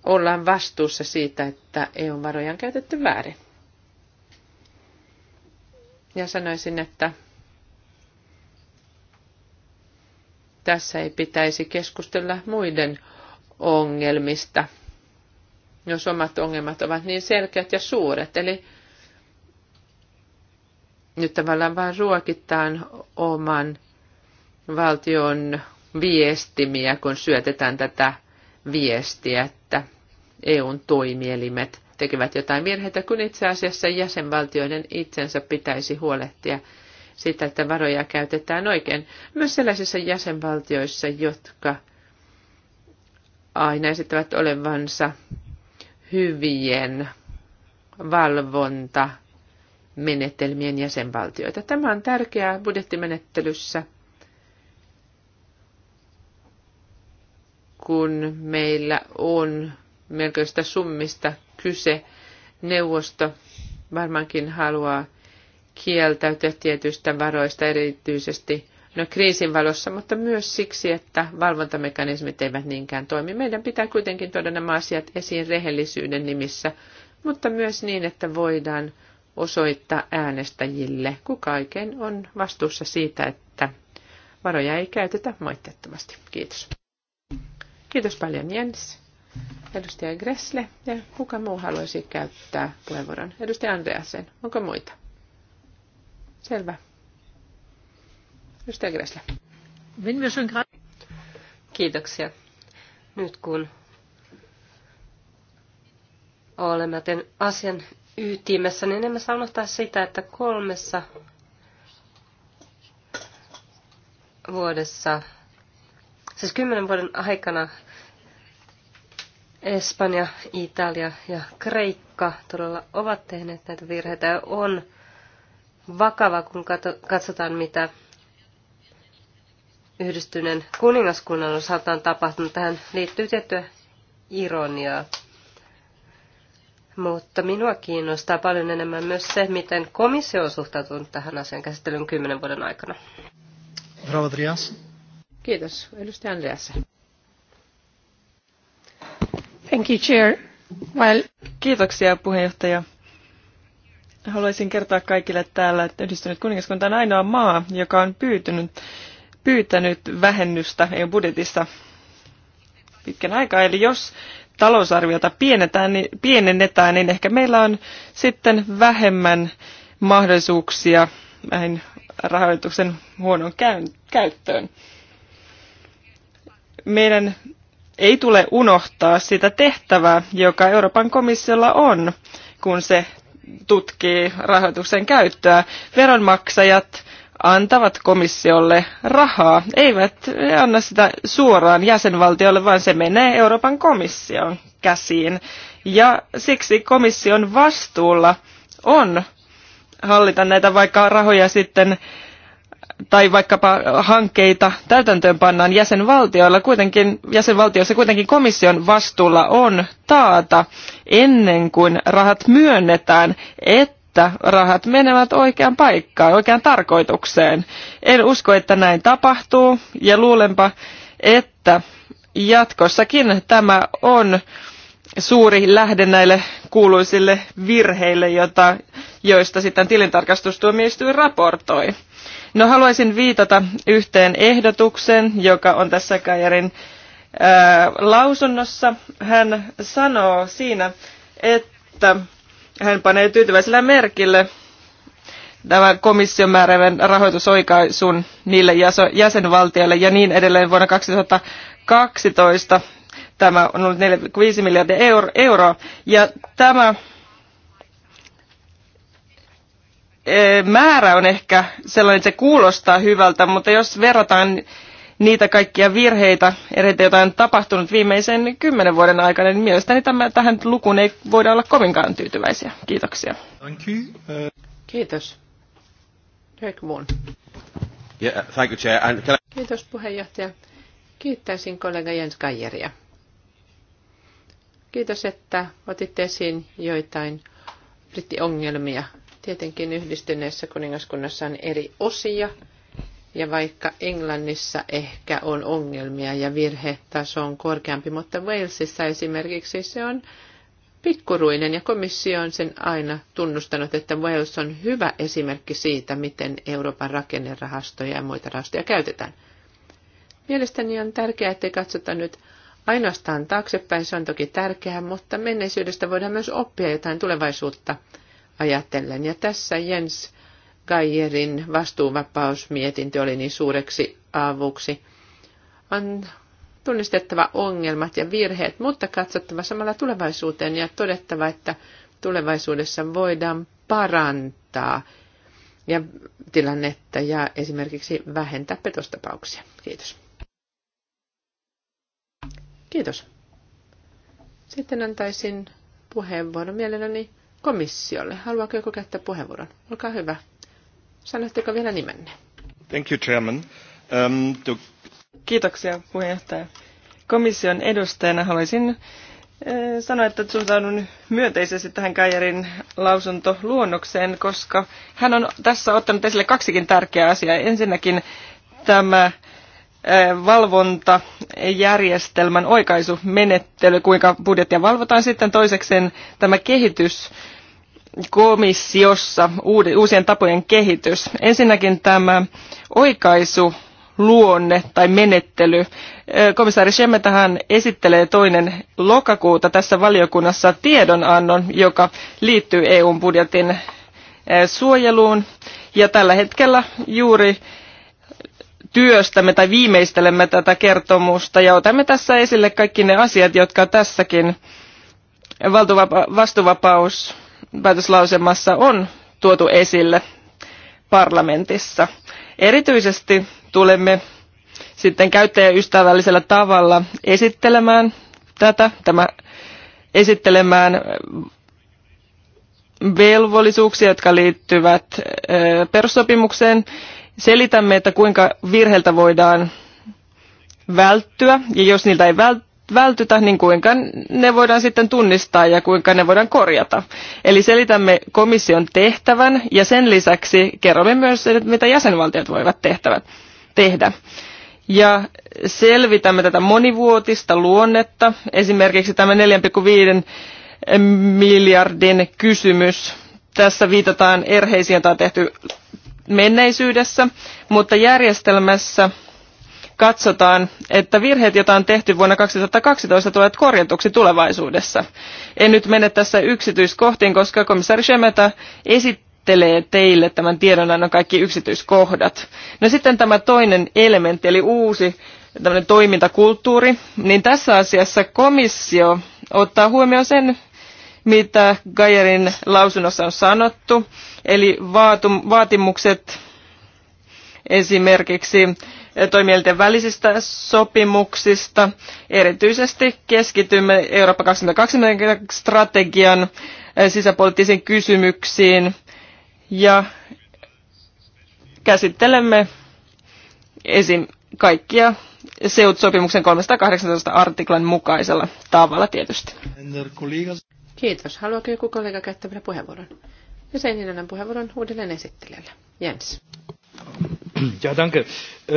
ollaan vastuussa siitä, että EUn varoja on käytetty väärin. Ja sanoisin, että tässä ei pitäisi keskustella muiden ongelmista, jos omat ongelmat ovat niin selkeät ja suuret. Eli nyt tavallaan vain ruokitaan oman valtion viestimiä, kun syötetään tätä viestiä, että EUn toimielimet tekevät jotain virheitä, kun itse asiassa jäsenvaltioiden itsensä pitäisi huolehtia siitä, että varoja käytetään oikein. Myös sellaisissa jäsenvaltioissa, jotka aina esittävät olevansa hyvien valvonta menetelmien jäsenvaltioita. Tämä on tärkeää budjettimenettelyssä, kun meillä on melkoista summista kyse. Neuvosto varmaankin haluaa kieltäytyä tietyistä varoista erityisesti no, kriisin valossa, mutta myös siksi, että valvontamekanismit eivät niinkään toimi. Meidän pitää kuitenkin tuoda nämä asiat esiin rehellisyyden nimissä, mutta myös niin, että voidaan osoittaa äänestäjille, kuka oikein on vastuussa siitä, että varoja ei käytetä moitteettomasti. Kiitos. Kiitos paljon Jens, edustaja Gressle ja kuka muu haluaisi käyttää puheenvuoron? Edustaja Andreasen, onko muita? Selvä. Edustaja Gressle. Kiitoksia. Nyt kun olemme tämän asian ytimessä, niin emme saa unohtaa sitä, että kolmessa vuodessa, siis kymmenen vuoden aikana Espanja, Italia ja Kreikka todella ovat tehneet näitä virheitä ja on vakava, kun katsotaan, mitä yhdistyneen kuningaskunnan osalta on tapahtunut. Tähän liittyy tiettyä ironiaa. Mutta minua kiinnostaa paljon enemmän myös se, miten komissio on suhtautunut tähän asian käsittelyyn kymmenen vuoden aikana. Bravo, Trias. Kiitos. Edustaja Andreas. Thank you, Chair. Well... Kiitoksia, puheenjohtaja. Haluaisin kertoa kaikille täällä, että yhdistynyt kuningaskunta on ainoa maa, joka on pyytynyt, pyytänyt vähennystä EU-budjetissa pitkän aikaa. Eli jos talousarviota pienetään, niin, pienennetään, niin ehkä meillä on sitten vähemmän mahdollisuuksia näin rahoituksen huonon käyttöön. Meidän ei tule unohtaa sitä tehtävää, joka Euroopan komissiolla on, kun se tutkii rahoituksen käyttöä. Veronmaksajat antavat komissiolle rahaa, eivät anna sitä suoraan jäsenvaltiolle, vaan se menee Euroopan komission käsiin. Ja siksi komission vastuulla on hallita näitä, vaikka rahoja sitten tai vaikkapa hankkeita täytäntöönpannaan jäsenvaltioilla, kuitenkin jäsenvaltioissa kuitenkin komission vastuulla on taata ennen kuin rahat myönnetään, että rahat menevät oikeaan paikkaan, oikeaan tarkoitukseen. En usko, että näin tapahtuu ja luulenpa, että jatkossakin tämä on suuri lähde näille kuuluisille virheille, jota, joista sitten tilintarkastustuomioistuin raportoi No haluaisin viitata yhteen ehdotukseen, joka on tässä Kajarin ää, lausunnossa. Hän sanoo siinä, että hän panee tyytyväisellä merkille tämän komission määräävän rahoitusoikaisun niille jäsenvaltioille ja niin edelleen vuonna 2012. Tämä on ollut 45 miljardia euroa ja tämä määrä on ehkä sellainen, että se kuulostaa hyvältä, mutta jos verrataan niitä kaikkia virheitä, erityisesti jotain on tapahtunut viimeisen kymmenen vuoden aikana, niin mielestäni tämä, tähän lukuun ei voida olla kovinkaan tyytyväisiä. Kiitoksia. Uh, Kiitos. Yeah, thank you, chair. And can I... Kiitos puheenjohtaja. Kiittäisin kollega Jens Kajeria. Kiitos, että otitte esiin joitain brittiongelmia Tietenkin yhdistyneessä kuningaskunnassa on eri osia, ja vaikka Englannissa ehkä on ongelmia ja virhetaso on korkeampi, mutta Walesissa esimerkiksi se on pikkuruinen ja komissio on sen aina tunnustanut, että Wales on hyvä esimerkki siitä, miten Euroopan rakennerahastoja ja muita rahastoja käytetään. Mielestäni on tärkeää, että katsota nyt ainoastaan taaksepäin, se on toki tärkeää, mutta menneisyydestä voidaan myös oppia jotain tulevaisuutta ajatellen. Ja tässä Jens Gajerin vastuuvapausmietintö oli niin suureksi avuksi. On tunnistettava ongelmat ja virheet, mutta katsottava samalla tulevaisuuteen ja todettava, että tulevaisuudessa voidaan parantaa ja tilannetta ja esimerkiksi vähentää petostapauksia. Kiitos. Kiitos. Sitten antaisin puheenvuoron mielelläni komissiolle. Haluaako joku käyttää puheenvuoron? Olkaa hyvä. Sanotteko vielä nimenne? Thank you, Chairman. Um, to... Kiitoksia, puheenjohtaja. Komission edustajana haluaisin eh, sanoa, että suhtaudun myönteisesti tähän Kajarin lausuntoluonnokseen, koska hän on tässä ottanut esille kaksikin tärkeää asiaa. Ensinnäkin tämä valvontajärjestelmän oikaisumenettely, kuinka budjettia valvotaan sitten toisekseen tämä kehitys komissiossa, uusien tapojen kehitys. Ensinnäkin tämä oikaisu luonne tai menettely. Komissaari tähän esittelee toinen lokakuuta tässä valiokunnassa tiedonannon, joka liittyy EUn budjetin suojeluun. Ja tällä hetkellä juuri työstämme tai viimeistelemme tätä kertomusta ja otamme tässä esille kaikki ne asiat, jotka tässäkin vastuvapauspäätöslausemassa on tuotu esille parlamentissa. Erityisesti tulemme sitten käyttäjäystävällisellä tavalla esittelemään tätä, tämä, esittelemään velvollisuuksia, jotka liittyvät perussopimukseen selitämme, että kuinka virheiltä voidaan välttyä, ja jos niiltä ei vältytä, niin kuinka ne voidaan sitten tunnistaa ja kuinka ne voidaan korjata. Eli selitämme komission tehtävän ja sen lisäksi kerromme myös, että mitä jäsenvaltiot voivat tehtävät, tehdä. Ja selvitämme tätä monivuotista luonnetta, esimerkiksi tämä 4,5 miljardin kysymys. Tässä viitataan erheisiin, joita on tehty menneisyydessä, mutta järjestelmässä katsotaan, että virheet, joita on tehty vuonna 2012, tulevat korjatuksi tulevaisuudessa. En nyt mene tässä yksityiskohtiin, koska komissaari Shemeta esittelee teille tämän tiedonannon kaikki yksityiskohdat. No sitten tämä toinen elementti, eli uusi tämmöinen toimintakulttuuri, niin tässä asiassa komissio ottaa huomioon sen, mitä Gajerin lausunnossa on sanottu, eli vaatum, vaatimukset esimerkiksi toimielten välisistä sopimuksista. Erityisesti keskitymme Eurooppa 2020 strategian eh, sisäpoliittisiin kysymyksiin ja käsittelemme esim. kaikkia seut-sopimuksen 318 artiklan mukaisella tavalla tietysti. Kiitos. Haluatko joku kollega käyttää vielä puheenvuoron? Ja sen jälleen puheenvuoron uudelleen esittelijälle. Jens. Ja, danke.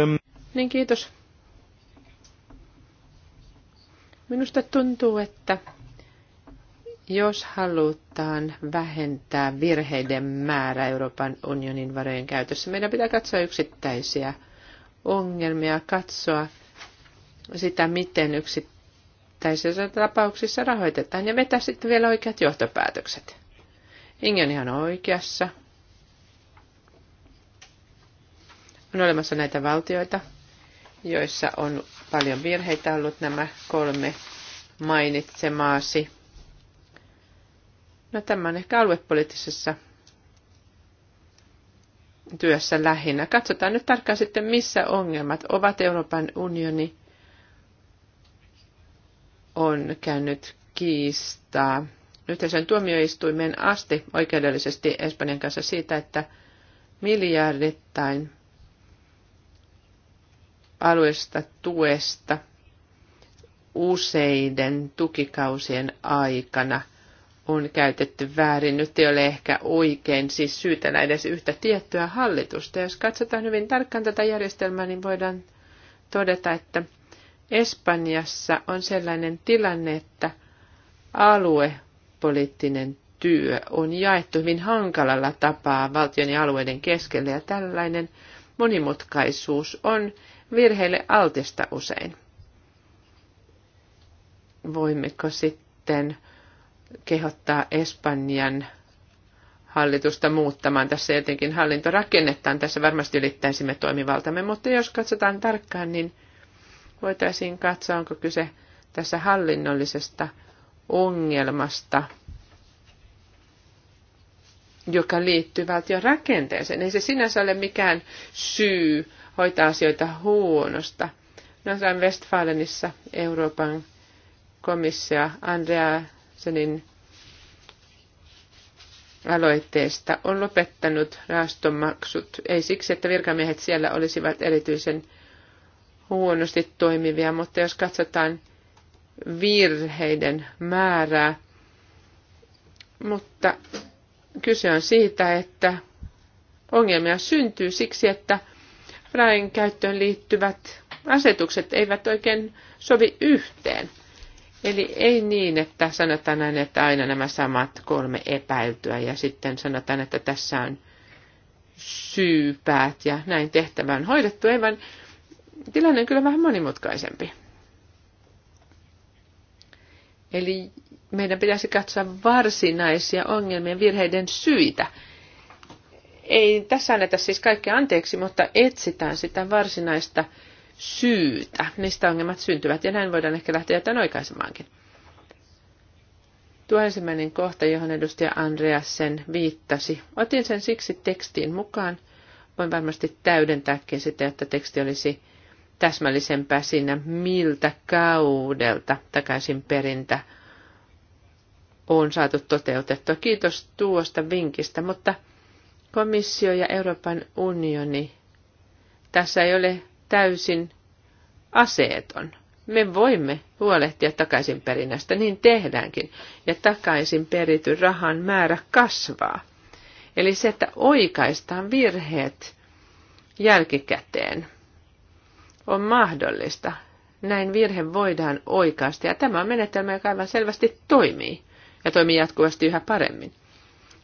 Um... Niin, kiitos. Minusta tuntuu, että jos halutaan vähentää virheiden määrä Euroopan unionin varojen käytössä, meidän pitää katsoa yksittäisiä ongelmia, katsoa sitä, miten yksittäisiä yksittäisissä tapauksissa rahoitetaan ja vetää sitten vielä oikeat johtopäätökset. Inge on ihan oikeassa. On olemassa näitä valtioita, joissa on paljon virheitä ollut nämä kolme mainitsemaasi. No tämä on ehkä aluepoliittisessa työssä lähinnä. Katsotaan nyt tarkkaan sitten, missä ongelmat ovat Euroopan unioni on käynyt kiistaa yhteisön tuomioistuimen asti oikeudellisesti Espanjan kanssa siitä, että miljardittain alueesta tuesta useiden tukikausien aikana on käytetty väärin. Nyt ei ole ehkä oikein siis syytänä edes yhtä tiettyä hallitusta. Jos katsotaan hyvin tarkkaan tätä järjestelmää, niin voidaan todeta, että Espanjassa on sellainen tilanne, että aluepoliittinen työ on jaettu hyvin hankalalla tapaa valtion ja alueiden keskelle ja tällainen monimutkaisuus on virheille altista usein. Voimmeko sitten kehottaa Espanjan hallitusta muuttamaan tässä jotenkin hallintorakennettaan. Tässä varmasti ylittäisimme toimivaltamme, mutta jos katsotaan tarkkaan, niin – voitaisiin katsoa, onko kyse tässä hallinnollisesta ongelmasta, joka liittyy valtion rakenteeseen. Ei se sinänsä ole mikään syy hoitaa asioita huonosta. Northern Westfalenissa Euroopan komissio senin aloitteesta on lopettanut rahastomaksut. Ei siksi, että virkamiehet siellä olisivat erityisen huonosti toimivia, mutta jos katsotaan virheiden määrää, mutta kyse on siitä, että ongelmia syntyy siksi, että rain käyttöön liittyvät asetukset eivät oikein sovi yhteen. Eli ei niin, että sanotaan näin, että aina nämä samat kolme epäiltyä ja sitten sanotaan, että tässä on syypäät ja näin tehtävä on hoidettu, ei vaan tilanne on kyllä vähän monimutkaisempi. Eli meidän pitäisi katsoa varsinaisia ongelmien virheiden syitä. Ei tässä anneta siis kaikkea anteeksi, mutta etsitään sitä varsinaista syytä, mistä ongelmat syntyvät, ja näin voidaan ehkä lähteä jotain oikaisemaankin. Tuo ensimmäinen kohta, johon edustaja Andreas sen viittasi, otin sen siksi tekstiin mukaan. Voin varmasti täydentääkin sitä, että teksti olisi täsmällisempää siinä, miltä kaudelta takaisin perintä on saatu toteutettua. Kiitos tuosta vinkistä, mutta komissio ja Euroopan unioni tässä ei ole täysin aseeton. Me voimme huolehtia takaisin perinnästä, niin tehdäänkin, ja takaisin peritty rahan määrä kasvaa. Eli se, että oikaistaan virheet jälkikäteen on mahdollista. Näin virhe voidaan oikaista ja tämä on menetelmä, joka aivan selvästi toimii ja toimii jatkuvasti yhä paremmin.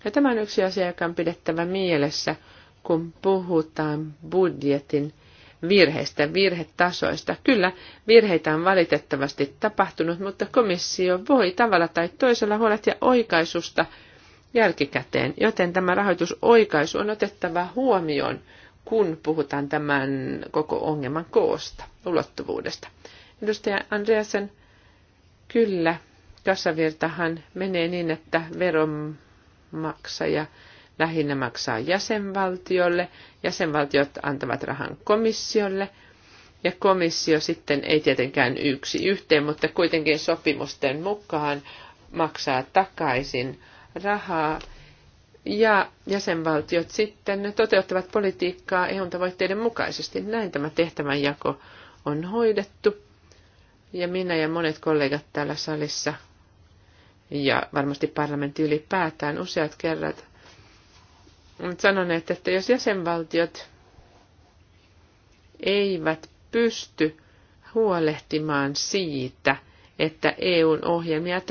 Ja tämä on yksi asia, joka on pidettävä mielessä, kun puhutaan budjetin virheistä, virhetasoista. Kyllä, virheitä on valitettavasti tapahtunut, mutta komissio voi tavalla tai toisella huolehtia oikaisusta jälkikäteen, joten tämä rahoitusoikaisu on otettava huomioon kun puhutaan tämän koko ongelman koosta, ulottuvuudesta. Edustaja Andreasen, kyllä, kassavirtahan menee niin, että veronmaksaja lähinnä maksaa jäsenvaltiolle, jäsenvaltiot antavat rahan komissiolle, ja komissio sitten ei tietenkään yksi yhteen, mutta kuitenkin sopimusten mukaan maksaa takaisin rahaa ja jäsenvaltiot sitten toteuttavat politiikkaa EUn tavoitteiden mukaisesti. Näin tämä tehtävänjako on hoidettu. Ja minä ja monet kollegat täällä salissa ja varmasti parlamentti ylipäätään useat kerrat ovat sanoneet, että jos jäsenvaltiot eivät pysty huolehtimaan siitä, että EUn ohjelmia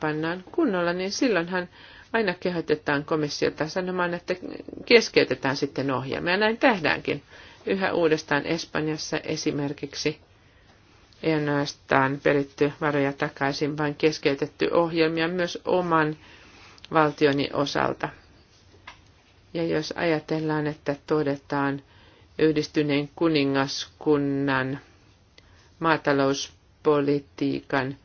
pannaan kunnolla, niin silloinhan aina kehotetaan komissiota sanomaan, että keskeytetään sitten ohjelmia. Näin tehdäänkin yhä uudestaan Espanjassa esimerkiksi. Ei ainoastaan peritty varoja takaisin, vaan keskeytetty ohjelmia myös oman valtioni osalta. Ja jos ajatellaan, että todetaan yhdistyneen kuningaskunnan maatalouspolitiikan –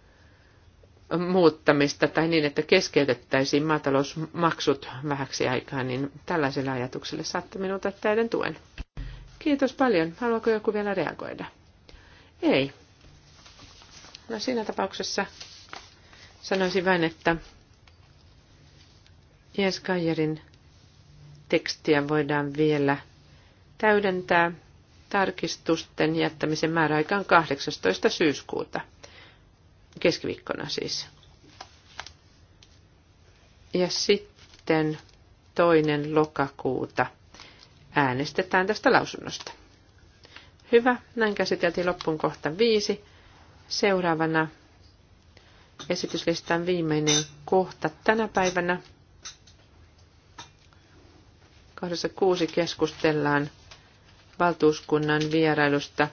muuttamista tai niin, että keskeytettäisiin maatalousmaksut vähäksi aikaa, niin tällaiselle ajatukselle saatte minulta täyden tuen. Kiitos paljon. Haluaako joku vielä reagoida? Ei. No siinä tapauksessa sanoisin vain, että Jens Kajerin tekstiä voidaan vielä täydentää tarkistusten jättämisen määräaikaan 18. syyskuuta – keskiviikkona siis. Ja sitten toinen lokakuuta äänestetään tästä lausunnosta. Hyvä, näin käsiteltiin loppuun kohta viisi. Seuraavana esityslistan viimeinen kohta tänä päivänä. Kohdassa kuusi keskustellaan valtuuskunnan vierailusta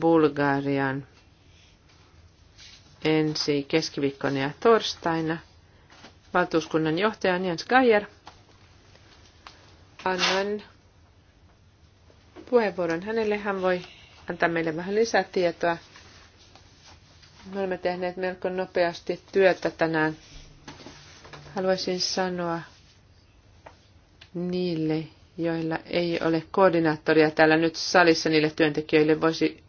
Bulgarian ensi keskiviikkona ja torstaina. Valtuuskunnan johtaja Jens Geier. Annan puheenvuoron hänelle. Hän voi antaa meille vähän lisätietoa. Me olemme tehneet melko nopeasti työtä tänään. Haluaisin sanoa niille, joilla ei ole koordinaattoria täällä nyt salissa, niille työntekijöille voisi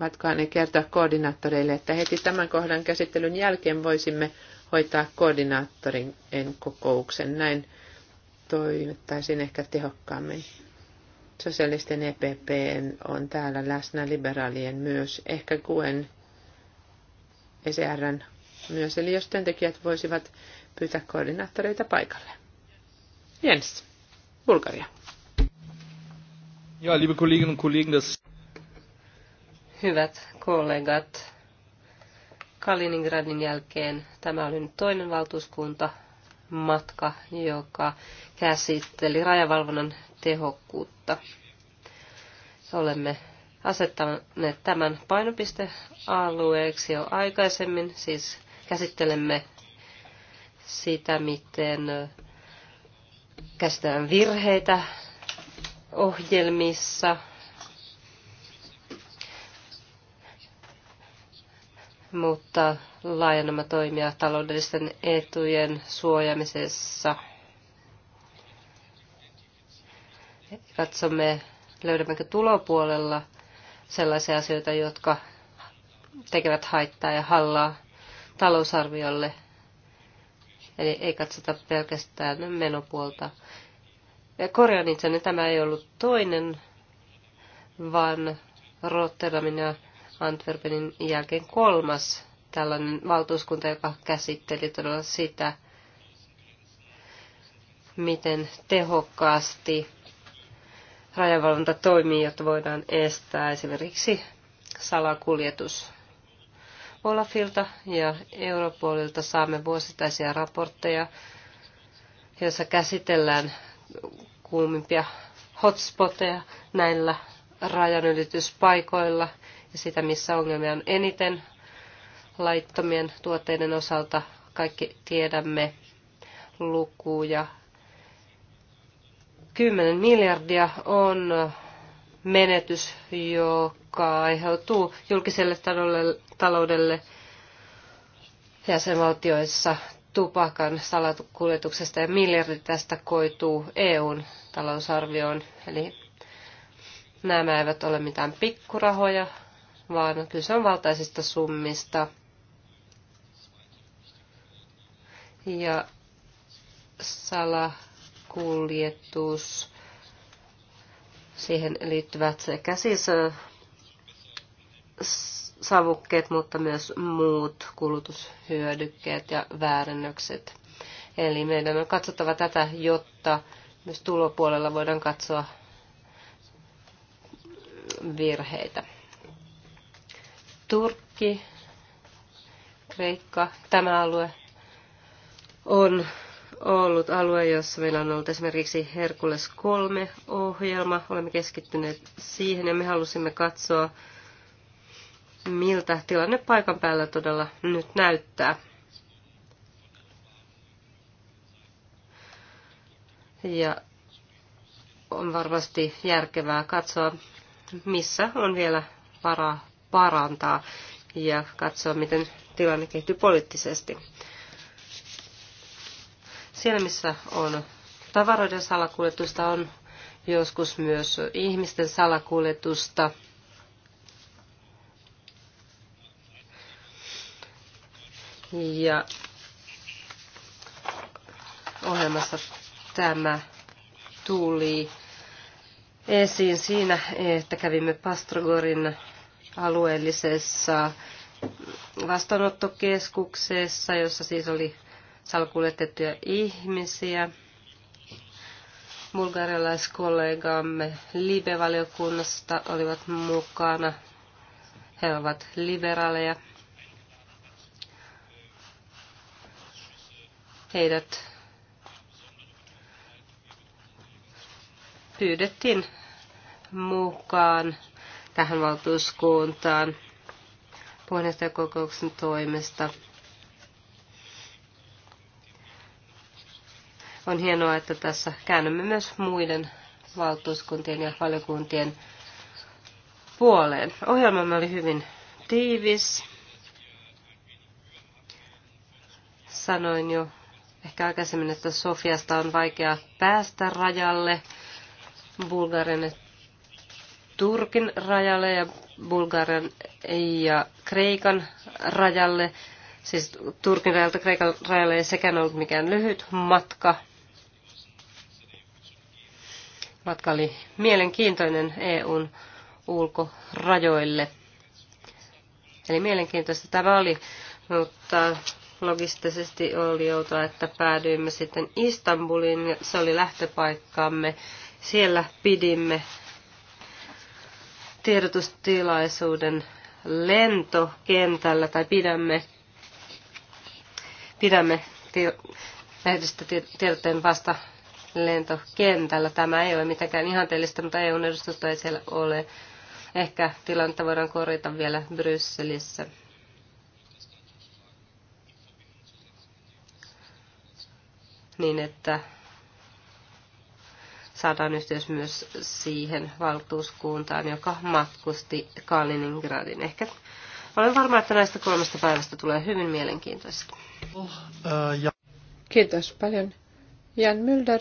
Vatkaani kertoa koordinaattoreille, että heti tämän kohdan käsittelyn jälkeen voisimme hoitaa koordinaattorin kokouksen. Näin toimittaisin ehkä tehokkaammin. Sosialisten EPP on täällä läsnä liberaalien myös, ehkä kuen ECRn myös. Eli jos työntekijät voisivat pyytää koordinaattoreita paikalle. Jens, Bulgaria. Ja, liebe Kolleginnen und Kollegen, das Hyvät kollegat, Kaliningradin jälkeen tämä oli nyt toinen valtuuskunta matka, joka käsitteli rajavalvonnan tehokkuutta. Olemme asettaneet tämän painopistealueeksi jo aikaisemmin, siis käsittelemme sitä, miten käsitellään virheitä ohjelmissa, mutta laajennamme toimia taloudellisten etujen suojamisessa. Katsomme, löydämmekö tulopuolella sellaisia asioita, jotka tekevät haittaa ja hallaa talousarviolle. Eli ei katsota pelkästään menopuolta. Ja korjaan itseni, tämä ei ollut toinen, vaan Rotterdamin ja Antwerpenin jälkeen kolmas tällainen valtuuskunta, joka käsitteli todella sitä, miten tehokkaasti rajavalvonta toimii, jotta voidaan estää esimerkiksi salakuljetus. Olafilta ja Europolilta saamme vuosittaisia raportteja, joissa käsitellään kuumimpia hotspoteja näillä rajanylityspaikoilla – sitä, missä ongelmia on eniten laittomien tuotteiden osalta. Kaikki tiedämme lukuja. 10 miljardia on menetys, joka aiheutuu julkiselle taloudelle jäsenvaltioissa tupakan salakuljetuksesta ja miljardi tästä koituu EUn talousarvioon. Eli nämä eivät ole mitään pikkurahoja, vaan kyse on valtaisista summista. Ja salakuljetus, siihen liittyvät sekä siis savukkeet, mutta myös muut kulutushyödykkeet ja väärännökset. Eli meidän on katsottava tätä, jotta myös tulopuolella voidaan katsoa virheitä. Turkki, Kreikka, tämä alue on ollut alue, jossa meillä on ollut esimerkiksi Herkules 3-ohjelma. Olemme keskittyneet siihen ja me halusimme katsoa, miltä tilanne paikan päällä todella nyt näyttää. Ja on varmasti järkevää katsoa, missä on vielä varaa parantaa ja katsoa, miten tilanne kehittyy poliittisesti. Siellä, missä on tavaroiden salakuljetusta, on joskus myös ihmisten salakuljetusta. Ja ohjelmassa tämä tuli esiin siinä, että kävimme Pastrogorin alueellisessa vastaanottokeskuksessa, jossa siis oli salkuljetettuja ihmisiä. Bulgarialaiskollegamme Libe-valiokunnasta olivat mukana. He ovat liberaaleja. Heidät pyydettiin mukaan tähän valtuuskuntaan puheenjohtajakokouksen toimesta. On hienoa, että tässä käännymme myös muiden valtuuskuntien ja valiokuntien puoleen. Ohjelmamme oli hyvin tiivis. Sanoin jo ehkä aikaisemmin, että Sofiasta on vaikea päästä rajalle. Bulgarian Turkin rajalle ja Bulgarian ja Kreikan rajalle. Siis Turkin rajalta Kreikan rajalle ei sekään ollut mikään lyhyt matka. Matka oli mielenkiintoinen EUn ulkorajoille. Eli mielenkiintoista tämä oli, mutta logistisesti oli outoa, että päädyimme sitten Istanbuliin ja se oli lähtöpaikkaamme. Siellä pidimme tiedotustilaisuuden lentokentällä tai pidämme, pidämme lehdistötiedotteen vasta lentokentällä. Tämä ei ole mitenkään ihanteellista, mutta eu edustusta ei siellä ole. Ehkä tilannetta voidaan korjata vielä Brysselissä. Niin, että saadaan yhteys myös siihen valtuuskuntaan, joka matkusti Kaliningradin. Ehkä olen varma, että näistä kolmesta päivästä tulee hyvin mielenkiintoista. Kiitos paljon. Jan Mylder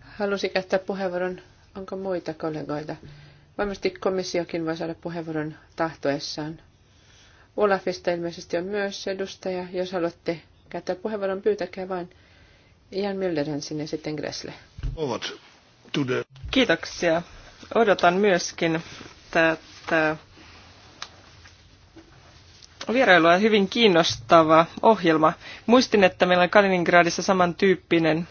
halusi käyttää puheenvuoron. Onko muita kollegoita? Varmasti komissiokin voi saada puheenvuoron tahtoessaan. Olafista ilmeisesti on myös edustaja. Jos haluatte käyttää puheenvuoron, pyytäkää vain Jan Mylderhän sinne sitten Gressle. Ovat. Kiitoksia. Odotan myöskin tätä vierailua hyvin kiinnostava ohjelma. Muistin, että meillä on Kaliningradissa samantyyppinen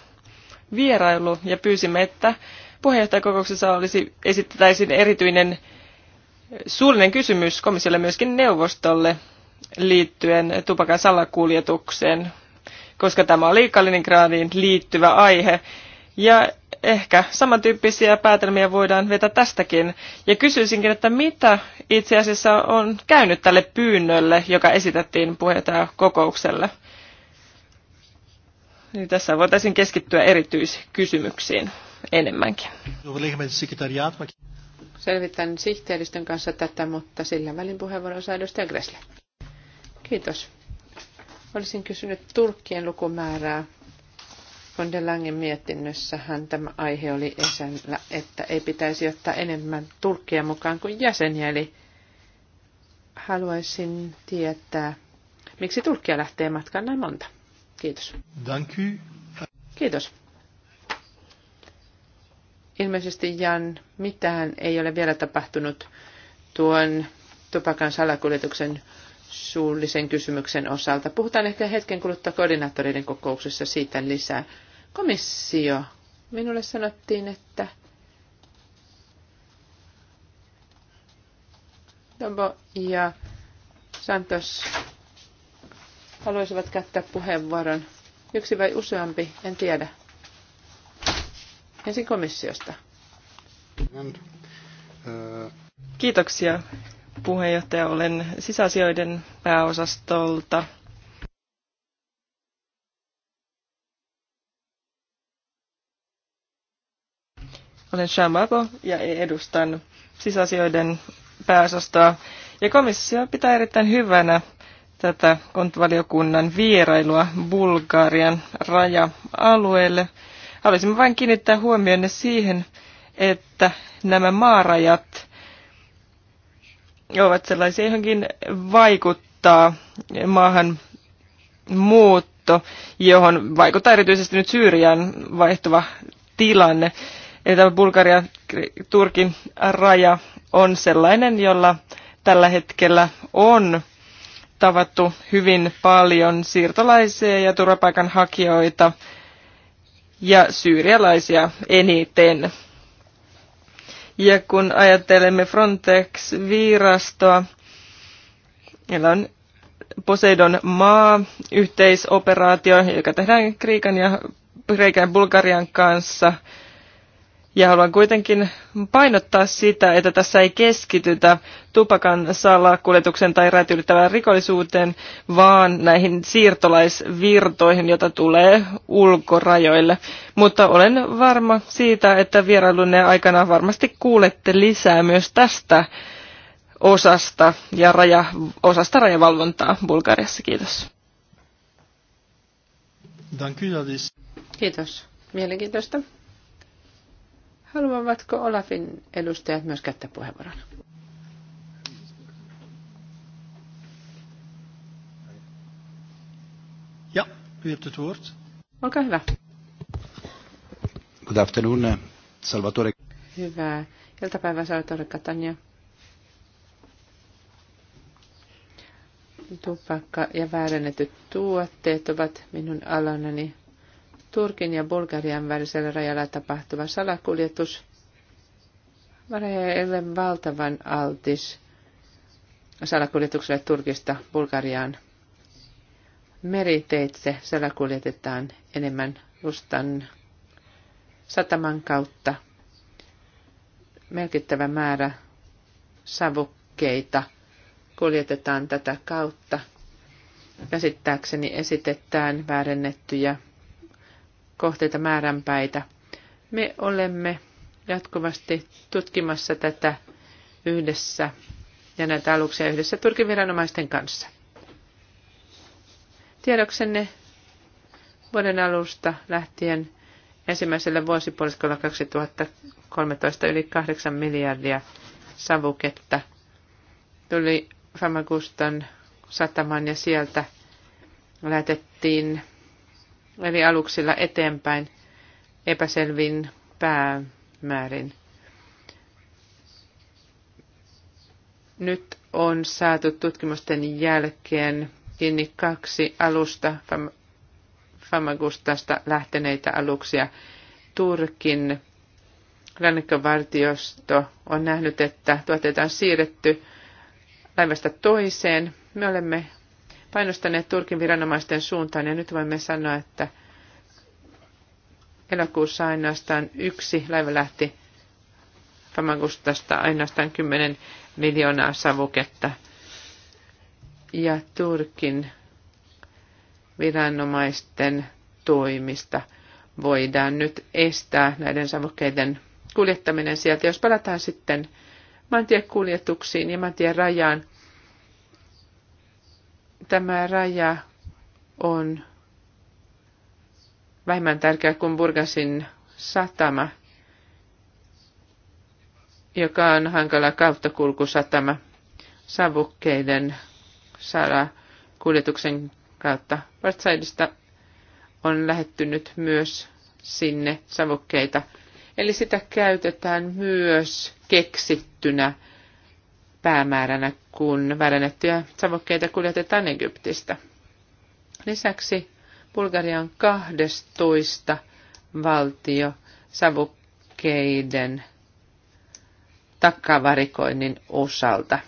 vierailu ja pyysimme, että puheenjohtajakokouksessa olisi, esittäisin erityinen suullinen kysymys komissiolle myöskin neuvostolle liittyen tupakan salakuljetukseen, koska tämä oli Kaliningradiin liittyvä aihe. Ja ehkä samantyyppisiä päätelmiä voidaan vetää tästäkin. Ja kysyisinkin, että mitä itse asiassa on käynyt tälle pyynnölle, joka esitettiin puheenjohtajakokoukselle? Niin tässä voitaisiin keskittyä erityiskysymyksiin enemmänkin. Selvitän sihteeristön kanssa tätä, mutta sillä välin puheenvuoron saa edustaja Gressle. Kiitos. Olisin kysynyt turkkien lukumäärää von der Langen mietinnössähän tämä aihe oli esillä, että ei pitäisi ottaa enemmän Turkkia mukaan kuin jäseniä, eli haluaisin tietää, miksi Turkkia lähtee matkaan näin monta. Kiitos. Danky. Kiitos. Ilmeisesti Jan, mitään ei ole vielä tapahtunut tuon tupakan salakuljetuksen suullisen kysymyksen osalta. Puhutaan ehkä hetken kuluttua koordinaattoreiden kokouksessa siitä lisää. Komissio. Minulle sanottiin, että Tombo ja Santos haluaisivat käyttää puheenvuoron. Yksi vai useampi, en tiedä. Ensin komissiosta. Kiitoksia puheenjohtaja. Olen sisäasioiden pääosastolta Olen Shamabo ja edustan sisäasioiden pääosastoa. Ja komissio pitää erittäin hyvänä tätä kontvaliokunnan vierailua Bulgarian raja-alueelle. Haluaisimme vain kiinnittää huomionne siihen, että nämä maarajat ovat sellaisia, johonkin vaikuttaa maahan muutto, johon vaikuttaa erityisesti nyt Syyrian vaihtuva tilanne. Eli tämä Bulgaria-Turkin raja on sellainen, jolla tällä hetkellä on tavattu hyvin paljon siirtolaisia ja turvapaikanhakijoita ja syyrialaisia eniten. Ja kun ajattelemme Frontex-virastoa, meillä on Poseidon maa, yhteisoperaatio, joka tehdään Kreikan ja Kreikan ja Bulgarian kanssa – ja haluan kuitenkin painottaa sitä, että tässä ei keskitytä tupakan salakuljetuksen tai räätyylittävään rikollisuuteen, vaan näihin siirtolaisvirtoihin, joita tulee ulkorajoille. Mutta olen varma siitä, että vierailunne aikana varmasti kuulette lisää myös tästä osasta ja raja, osasta rajavalvontaa Bulgariassa. Kiitos. Kiitos. Mielenkiintoista. Haluavatko Olafin edustajat myös käyttää puheenvuoron? Ja, Olkaa hyvä. Good afternoon, eh, Salvatore. Hyvää iltapäivää, Salvatore Catania. Tupakka ja väärennetyt tuotteet ovat minun alanani Turkin ja Bulgarian välisellä rajalla tapahtuva salakuljetus. Raja ei ole valtavan altis salakuljetukselle Turkista Bulgariaan. Meriteitse salakuljetetaan enemmän Rustan sataman kautta. Merkittävä määrä savukkeita kuljetetaan tätä kautta. Käsittääkseni esitetään väärennettyjä kohteita määränpäitä. Me olemme jatkuvasti tutkimassa tätä yhdessä ja näitä aluksia yhdessä Turkin viranomaisten kanssa. Tiedoksenne vuoden alusta lähtien ensimmäisellä vuosipuoliskolla 2013 yli 8 miljardia savuketta tuli Famagustan satamaan ja sieltä lähetettiin eli aluksilla eteenpäin epäselvin päämäärin. Nyt on saatu tutkimusten jälkeen kiinni kaksi alusta Fam- Famagustasta lähteneitä aluksia. Turkin rannikkovartiosto on nähnyt, että tuotteita on siirretty laivasta toiseen. Me olemme painostaneet Turkin viranomaisten suuntaan ja nyt voimme sanoa, että elokuussa ainoastaan yksi laiva lähti Famagustasta ainoastaan 10 miljoonaa savuketta. Ja Turkin viranomaisten toimista voidaan nyt estää näiden savukkeiden kuljettaminen sieltä. Jos palataan sitten maantiekuljetuksiin ja maantien rajaan, tämä raja on vähemmän tärkeä kuin Burgasin satama, joka on hankala kauttakulkusatama savukkeiden saada kuljetuksen kautta. Partsaidista on lähettynyt myös sinne savukkeita. Eli sitä käytetään myös keksittynä päämääränä, kun välennettyjä savokkeita kuljetetaan Egyptistä. Lisäksi Bulgarian 12 valtio savukkeiden takavarikoinnin osalta.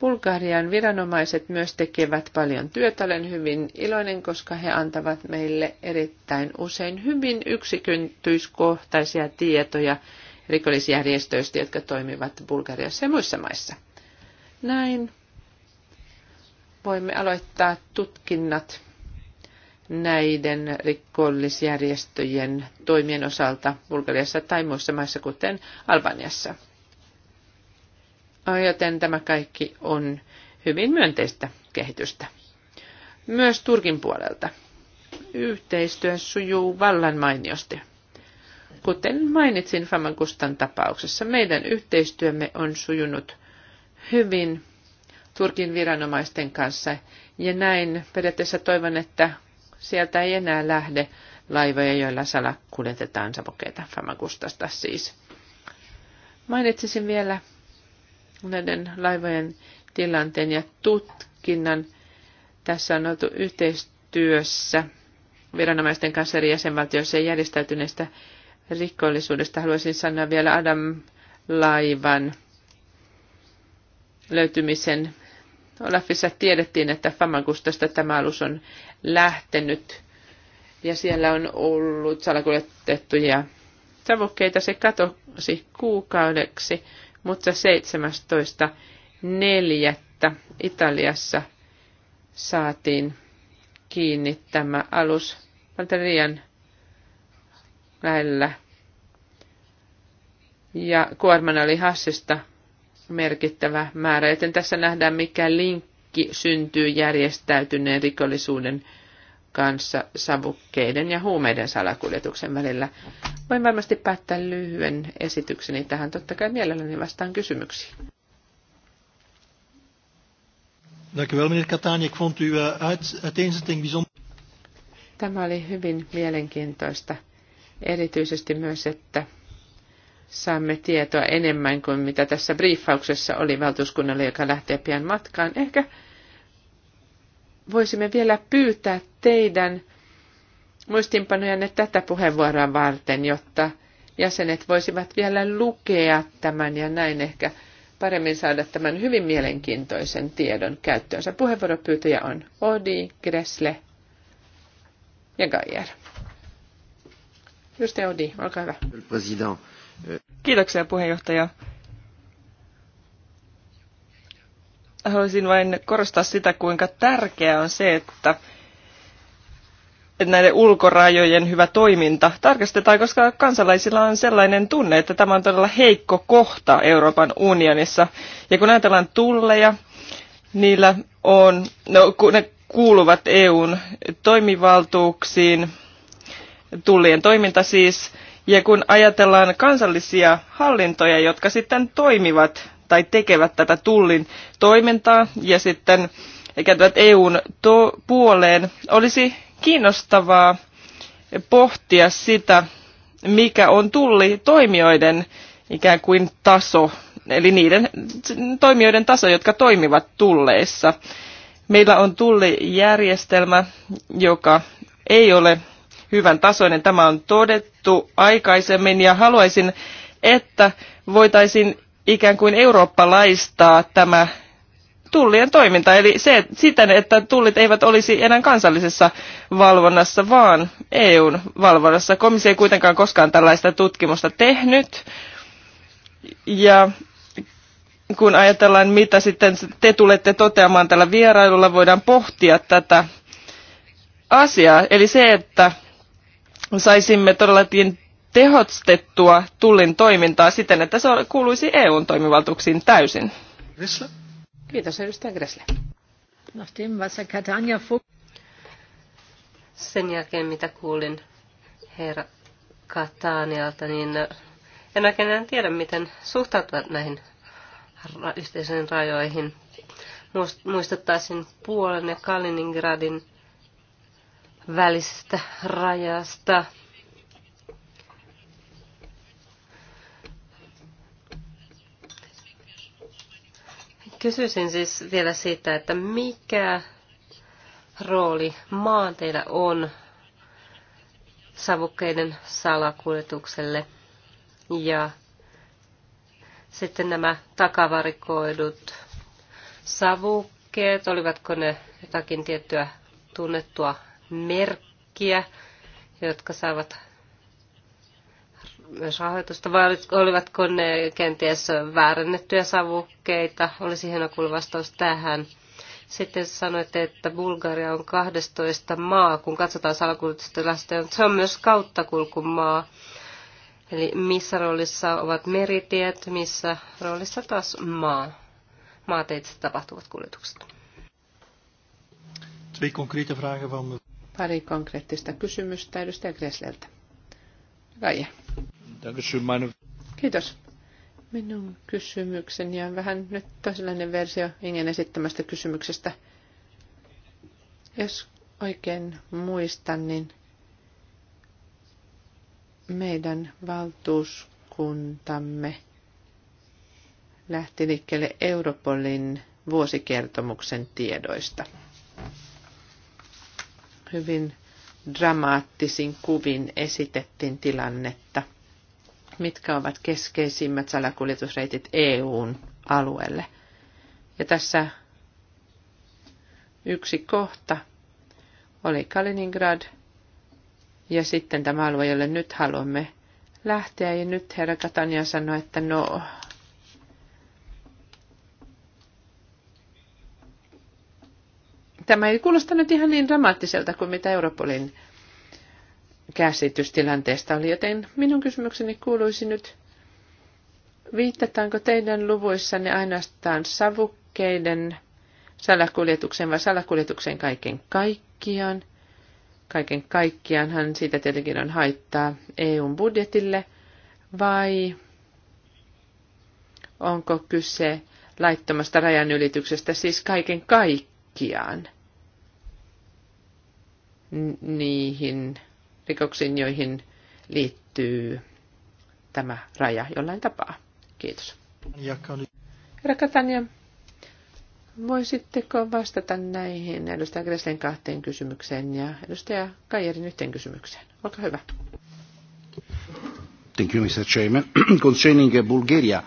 Bulgarian viranomaiset myös tekevät paljon työtä. Olen hyvin iloinen, koska he antavat meille erittäin usein hyvin yksiköntyiskohtaisia tietoja rikollisjärjestöistä, jotka toimivat Bulgariassa ja muissa maissa. Näin voimme aloittaa tutkinnat näiden rikollisjärjestöjen toimien osalta Bulgariassa tai muissa maissa, kuten Albaniassa. No, joten tämä kaikki on hyvin myönteistä kehitystä. Myös Turkin puolelta. Yhteistyö sujuu vallan mainiosti. Kuten mainitsin Famagustan tapauksessa, meidän yhteistyömme on sujunut hyvin Turkin viranomaisten kanssa ja näin periaatteessa toivon, että sieltä ei enää lähde laivoja, joilla salakuljetetaan savukeita Famagustasta siis. Mainitsisin vielä näiden laivojen tilanteen ja tutkinnan. Tässä on oltu yhteistyössä viranomaisten kanssa eri jäsenvaltioissa ja järjestäytyneistä rikollisuudesta haluaisin sanoa vielä Adam Laivan löytymisen. Olafissa tiedettiin, että Famagustasta tämä alus on lähtenyt ja siellä on ollut salakuljetettuja savukkeita. Se katosi kuukaudeksi, mutta 17.4. Italiassa saatiin kiinni tämä alus. Valterian lähellä. Ja kuorman oli hassista merkittävä määrä, joten tässä nähdään, mikä linkki syntyy järjestäytyneen rikollisuuden kanssa savukkeiden ja huumeiden salakuljetuksen välillä. Voin varmasti päättää lyhyen esitykseni tähän. Totta kai mielelläni vastaan kysymyksiin. Eh, Tämä oli hyvin mielenkiintoista erityisesti myös, että saamme tietoa enemmän kuin mitä tässä briefauksessa oli valtuuskunnalle, joka lähtee pian matkaan. Ehkä voisimme vielä pyytää teidän muistinpanojanne tätä puheenvuoroa varten, jotta jäsenet voisivat vielä lukea tämän ja näin ehkä paremmin saada tämän hyvin mielenkiintoisen tiedon käyttöönsä. Puheenvuoropyytäjä on Odi, Gressle ja Gajer. Edustaja Odi, olkaa hyvä. Euh, Kiitoksia puheenjohtaja. Haluaisin vain korostaa sitä, kuinka tärkeää on se, että näiden ulkorajojen hyvä toiminta tarkastetaan, koska kansalaisilla on sellainen tunne, että tämä on todella heikko kohta Euroopan unionissa. Ja kun ajatellaan tulleja, niillä on, no, ne kuuluvat EUn toimivaltuuksiin, tullien toiminta siis. Ja kun ajatellaan kansallisia hallintoja, jotka sitten toimivat tai tekevät tätä tullin toimintaa ja sitten kääntyvät EUn to- puoleen, olisi kiinnostavaa pohtia sitä, mikä on tulli toimijoiden ikään kuin taso, eli niiden toimijoiden taso, jotka toimivat tulleissa. Meillä on tullijärjestelmä, joka ei ole hyvän tasoinen. Tämä on todettu aikaisemmin ja haluaisin, että voitaisiin ikään kuin eurooppalaistaa tämä tullien toiminta. Eli se, siten, että tullit eivät olisi enää kansallisessa valvonnassa, vaan EUn valvonnassa. Komissio ei kuitenkaan koskaan tällaista tutkimusta tehnyt. Ja kun ajatellaan, mitä sitten te tulette toteamaan tällä vierailulla, voidaan pohtia tätä asiaa. Eli se, että saisimme todellakin tehostettua tullin toimintaa siten, että se kuuluisi EUn toimivaltuuksiin täysin. Kiitos edustaja Gressle. Sen jälkeen, mitä kuulin herra Katanialta, niin en oikein enää tiedä, miten suhtautua näihin yhteisöjen rajoihin. Muistuttaisin Puolen ja Kaliningradin välisestä rajasta. Kysyisin siis vielä siitä, että mikä rooli maanteillä on savukkeiden salakuljetukselle ja sitten nämä takavarikoidut savukkeet, olivatko ne jotakin tiettyä tunnettua merkkiä, jotka saavat myös rahoitusta, vai olivatko ne kenties väärennettyjä savukkeita? Olisi hieno kuulla vastaus tähän. Sitten sanoitte, että Bulgaria on 12 maa, kun katsotaan salakuljetustilastoja, mutta se on myös kauttakulkumaa. Eli missä roolissa ovat meritiet, missä roolissa taas maa, maateitse tapahtuvat kuljetukset. Twee concrete vragen van Pari konkreettista kysymystä edustaja Gresleltä. Kaija. Kiitos. Minun kysymykseni on vähän nyt toisenlainen versio Ingen esittämästä kysymyksestä. Jos oikein muistan, niin meidän valtuuskuntamme lähti liikkeelle Europolin vuosikertomuksen tiedoista – hyvin dramaattisin kuvin esitettiin tilannetta. Mitkä ovat keskeisimmät salakuljetusreitit EUn alueelle? Ja tässä yksi kohta oli Kaliningrad ja sitten tämä alue, jolle nyt haluamme lähteä. Ja nyt herra Katania sanoi, että no Tämä ei kuulosta nyt ihan niin dramaattiselta kuin mitä Europolin käsitystilanteesta oli, joten minun kysymykseni kuuluisi nyt, viittataanko teidän luvuissanne ainoastaan savukkeiden salakuljetukseen vai salakuljetukseen kaiken kaikkiaan? Kaiken kaikkiaanhan siitä tietenkin on haittaa EUn budjetille, vai onko kyse laittomasta rajanylityksestä, siis kaiken kaikkiaan? kaikkiaan niihin rikoksiin, joihin liittyy tämä raja jollain tapaa. Kiitos. Herra Katania, voisitteko vastata näihin edustaja Greslen kahteen kysymykseen ja edustaja Kajerin yhteen kysymykseen? Olkaa hyvä. Thank you, Mr. Chairman. *clears throat* Concerning uh, Bulgaria,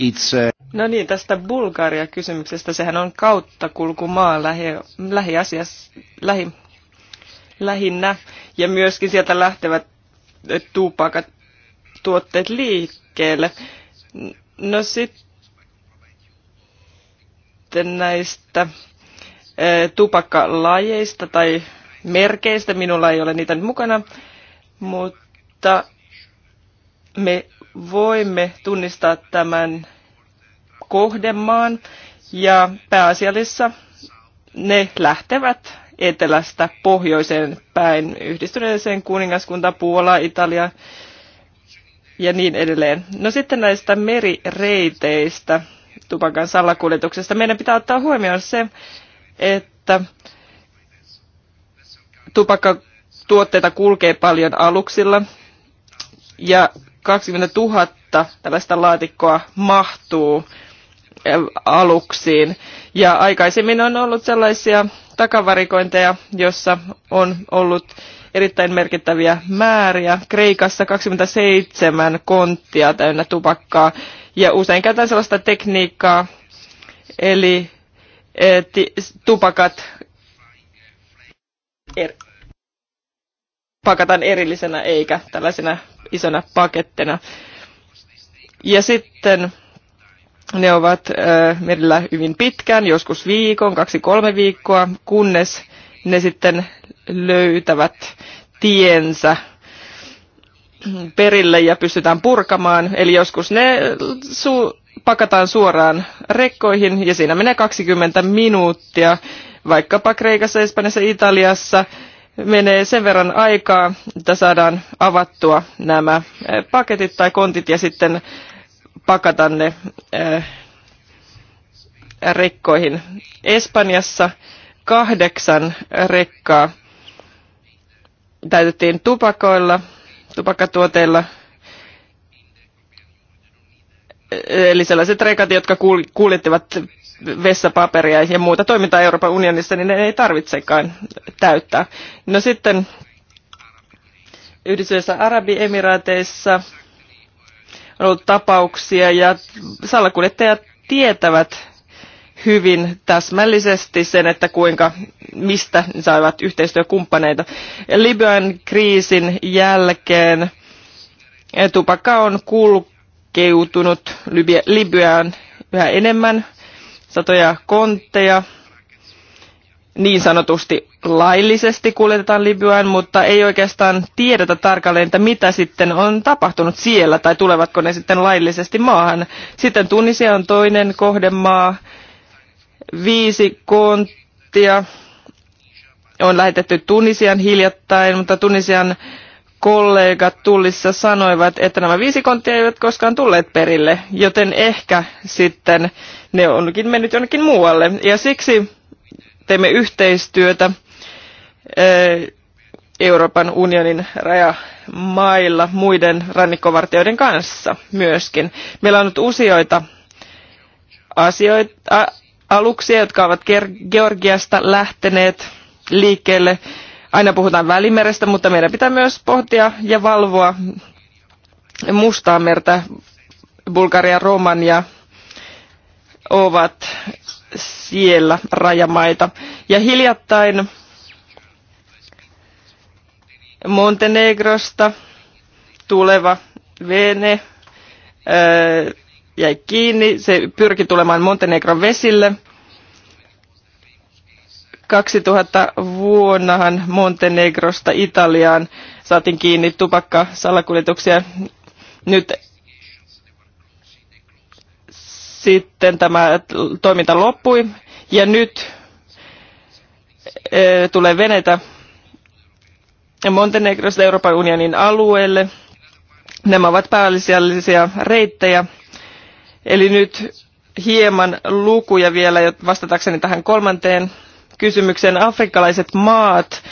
it's... Uh... No niin, tästä Bulgaria-kysymyksestä. Sehän on kauttakulkumaa lähi, lähiasias, lähi, lähinnä. Ja myöskin sieltä lähtevät tuupakat tuotteet liikkeelle. No sitten näistä tupakkalajeista tai merkeistä. Minulla ei ole niitä nyt mukana, mutta me voimme tunnistaa tämän kohdemaan ja pääasiassa ne lähtevät etelästä pohjoiseen päin yhdistyneeseen kuningaskunta, Puola, Italia ja niin edelleen. No sitten näistä merireiteistä, tupakan salakuljetuksesta. Meidän pitää ottaa huomioon se, että tupakkatuotteita kulkee paljon aluksilla ja 20 000 tällaista laatikkoa mahtuu Äh, aluksiin. Ja aikaisemmin on ollut sellaisia takavarikointeja, jossa on ollut erittäin merkittäviä määriä. Kreikassa 27 konttia täynnä tupakkaa ja usein käytetään sellaista tekniikkaa, eli äh, tupakat er, pakataan erillisenä eikä tällaisena isona pakettina. Ja sitten ne ovat merillä hyvin pitkään, joskus viikon, kaksi-kolme viikkoa, kunnes ne sitten löytävät tiensä perille ja pystytään purkamaan. Eli joskus ne su- pakataan suoraan rekkoihin ja siinä menee 20 minuuttia. Vaikkapa Kreikassa, Espanjassa, Italiassa menee sen verran aikaa, että saadaan avattua nämä paketit tai kontit ja sitten pakata ne äh, rekkoihin. Espanjassa kahdeksan rekkaa täytettiin tupakoilla, tupakatuoteilla, eli sellaiset rekat, jotka kuljettivat vessapaperia ja muuta toimintaa Euroopan unionissa, niin ne ei tarvitsekaan täyttää. No sitten Yhdistyissä Arabiemiraateissa on ollut tapauksia ja salakuljettajat tietävät hyvin täsmällisesti sen, että kuinka, mistä saivat yhteistyökumppaneita. Libyan kriisin jälkeen tupakka on kulkeutunut Libyaan yhä enemmän, satoja kontteja niin sanotusti laillisesti kuljetetaan Libyaan, mutta ei oikeastaan tiedetä tarkalleen, että mitä sitten on tapahtunut siellä tai tulevatko ne sitten laillisesti maahan. Sitten Tunisia on toinen kohdemaa, viisi konttia on lähetetty Tunisian hiljattain, mutta Tunisian kollegat tullissa sanoivat, että nämä viisi konttia eivät koskaan tulleet perille, joten ehkä sitten ne onkin mennyt jonnekin muualle. Ja siksi teemme yhteistyötä eh, Euroopan unionin rajamailla muiden rannikkovartijoiden kanssa myöskin. Meillä on nyt useita asioita, aluksia, jotka ovat Georgiasta lähteneet liikkeelle. Aina puhutaan välimerestä, mutta meidän pitää myös pohtia ja valvoa Mustaa merta. Bulgaria, Romania ovat siellä rajamaita. Ja hiljattain Montenegrosta tuleva vene öö, jäi kiinni. Se pyrki tulemaan Montenegron vesille. 2000 vuonnahan Montenegrosta Italiaan saatiin kiinni tupakka-salakuljetuksia. Nyt sitten tämä toiminta loppui ja nyt tulee veneitä Montenegrosta Euroopan unionin alueelle. Nämä ovat päällisiä reittejä. Eli nyt hieman lukuja vielä vastatakseni tähän kolmanteen kysymykseen. Afrikkalaiset maat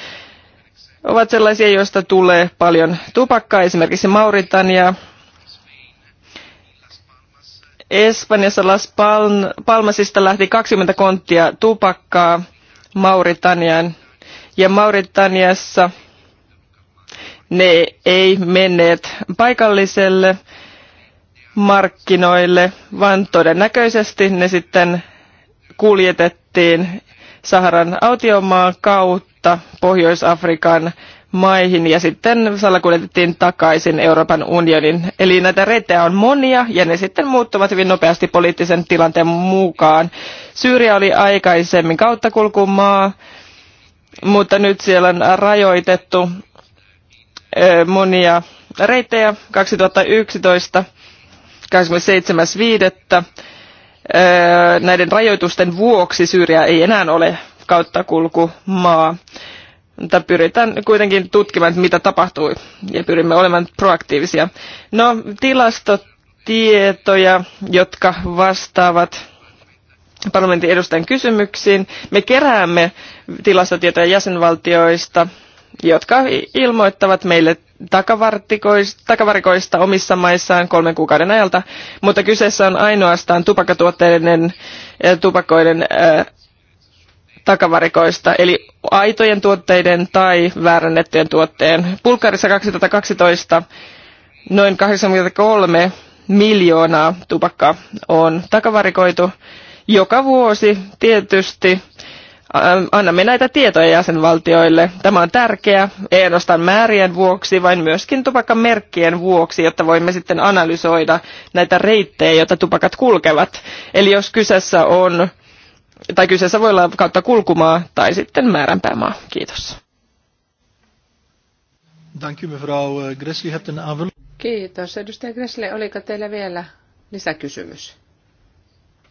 ovat sellaisia, joista tulee paljon tupakkaa, esimerkiksi Mauritania, Espanjassa Las Palmasista lähti 20 konttia tupakkaa Mauritaniaan. Ja Mauritaniassa ne ei menneet paikalliselle markkinoille, vaan todennäköisesti ne sitten kuljetettiin Saharan autiomaan kautta Pohjois-Afrikan maihin ja sitten salakuljetettiin takaisin Euroopan unionin. Eli näitä reittejä on monia ja ne sitten muuttuvat hyvin nopeasti poliittisen tilanteen mukaan. Syyria oli aikaisemmin kauttakulkumaa, mutta nyt siellä on rajoitettu monia reittejä 2011 27.5. Näiden rajoitusten vuoksi Syyria ei enää ole kauttakulkumaa. maa mutta pyritään kuitenkin tutkimaan, mitä tapahtuu ja pyrimme olemaan proaktiivisia. No, tilastotietoja, jotka vastaavat parlamentin edustajan kysymyksiin. Me keräämme tilastotietoja jäsenvaltioista, jotka ilmoittavat meille takavarikoista omissa maissaan kolmen kuukauden ajalta, mutta kyseessä on ainoastaan tupakatuotteiden eh, tupakoiden eh, takavarikoista, eli aitojen tuotteiden tai väärännettyjen tuotteen. Pulkarissa 2012 noin 83 miljoonaa tupakkaa on takavarikoitu joka vuosi tietysti. Ähm, annamme näitä tietoja jäsenvaltioille. Tämä on tärkeää, ei ainoastaan määrien vuoksi, vaan myöskin tupakkamerkkien vuoksi, jotta voimme sitten analysoida näitä reittejä, joita tupakat kulkevat. Eli jos kyseessä on tai kyseessä voi olla kautta kulkumaa tai sitten määränpäämaa. Kiitos. Dank u mevrouw eh, hebt een aanvulling. Kiitos. Edustaja Gressle, oliko teillä vielä lisäkysymys?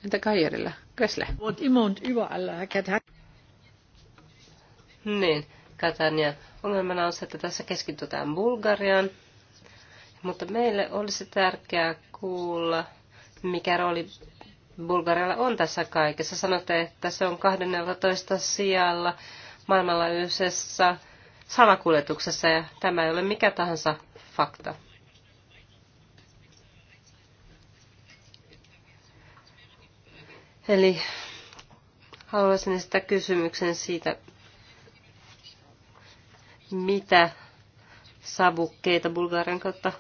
Entä Kajerilla? Gressle. Wat iemand überall eh, Niin, Katania. Ongelmana on se, että tässä keskitytään Bulgariaan, mutta meille olisi tärkeää kuulla, mikä rooli Bulgarialla on tässä kaikessa. Sanotte, että se on 12 sijalla maailmanlaajuisessa salakuljetuksessa ja tämä ei ole mikä tahansa fakta. Eli haluaisin sitä kysymyksen siitä, mitä savukkeita Bulgarian kautta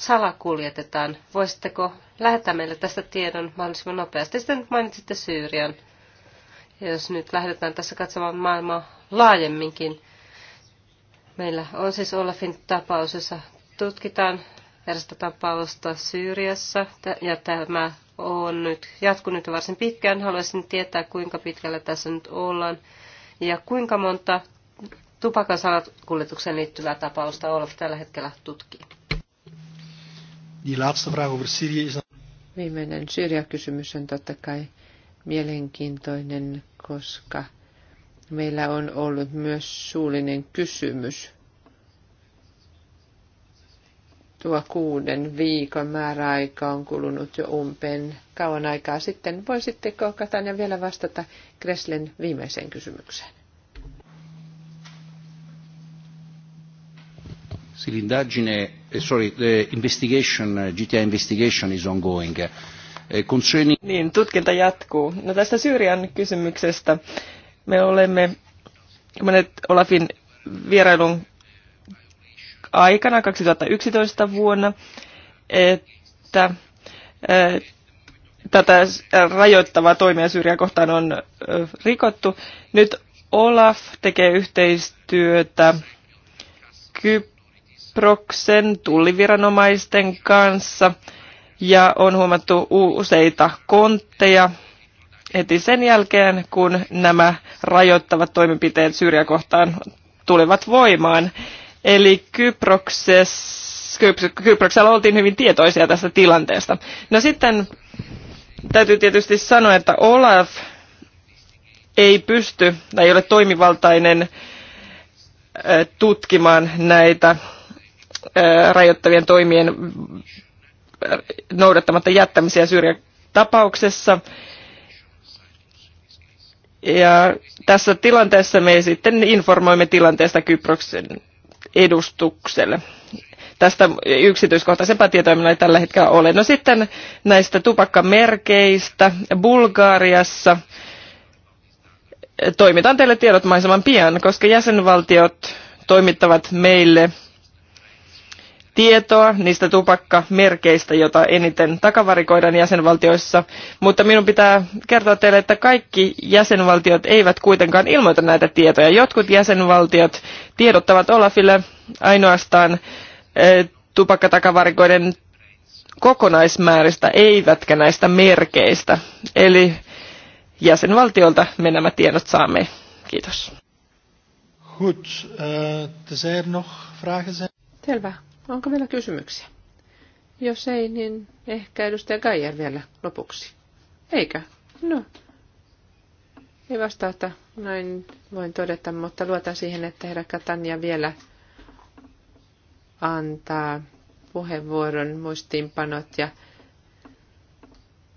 salakuljetetaan. Voisitteko lähettää meille tästä tiedon mahdollisimman nopeasti? Sitten mainitsitte Syyrian. Jos nyt lähdetään tässä katsomaan maailmaa laajemminkin. Meillä on siis Olafin tapaus, jossa tutkitaan erästä tapausta Syyriassa, ja tämä on nyt jatkunut varsin pitkään. Haluaisin tietää, kuinka pitkällä tässä nyt ollaan, ja kuinka monta tupakan salakuljetukseen liittyvää tapausta Olaf tällä hetkellä tutkii. Die laatste vraag over Syrië is... Viimeinen Syria-kysymys on totta kai mielenkiintoinen, koska meillä on ollut myös suullinen kysymys. Tuo kuuden viikon määräaika on kulunut jo umpeen kauan aikaa sitten. Voisitteko Katania vielä vastata Kreslen viimeiseen kysymykseen? Sì, l'indagine, eh, sorry, investigation, eh, GTA investigation is ongoing. Eh, concerning... Niin, tutkinta jatkuu. No tästä Syyrian kysymyksestä. Me olemme, monet Olafin vierailun aikana 2011 vuonna, että tätä rajoittavaa toimia Syyrian kohtaan on rikottu. Nyt Olaf tekee yhteistyötä Kyp Proksen tulliviranomaisten kanssa ja on huomattu useita kontteja heti sen jälkeen, kun nämä rajoittavat toimenpiteet syrjäkohtaan tulevat voimaan. Eli Kyproksella oltiin hyvin tietoisia tästä tilanteesta. No sitten täytyy tietysti sanoa, että Olaf ei pysty tai ei ole toimivaltainen tutkimaan näitä rajoittavien toimien noudattamatta jättämisiä syrjätapauksessa. Ja tässä tilanteessa me sitten informoimme tilanteesta Kyproksen edustukselle. Tästä yksityiskohtaisempaa tietoa minulla ei tällä hetkellä ole. No sitten näistä tupakkamerkeistä Bulgaariassa. Toimitan teille tiedot maisemman pian, koska jäsenvaltiot toimittavat meille tietoa niistä tupakkamerkeistä, joita eniten takavarikoidaan jäsenvaltioissa, mutta minun pitää kertoa teille, että kaikki jäsenvaltiot eivät kuitenkaan ilmoita näitä tietoja. Jotkut jäsenvaltiot tiedottavat Olafille ainoastaan eh, tupakkatakavarikoiden kokonaismääristä, eivätkä näistä merkeistä. Eli jäsenvaltiolta me nämä tiedot saamme. Kiitos. äh, eh, das er noch Fragen sind? Selber. Onko vielä kysymyksiä? Jos ei, niin ehkä edustaja Gajer vielä lopuksi. Eikä? No. Ei vastausta, näin voin todeta, mutta luotan siihen, että herra Katania vielä antaa puheenvuoron, muistiinpanot ja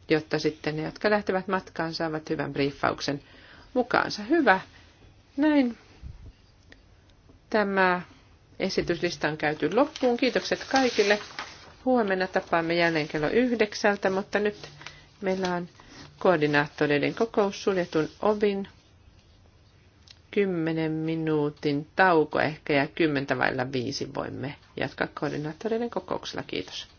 jotta sitten ne, jotka lähtevät matkaan, saavat hyvän briefauksen mukaansa. Hyvä. Näin tämä Esityslista on käyty loppuun. Kiitokset kaikille. Huomenna tapaamme jälleen kello yhdeksältä, mutta nyt meillä on koordinaattoreiden kokous suljetun ovin. Kymmenen minuutin tauko ehkä ja kymmentä vailla viisi voimme jatkaa koordinaattoreiden kokouksella. Kiitos.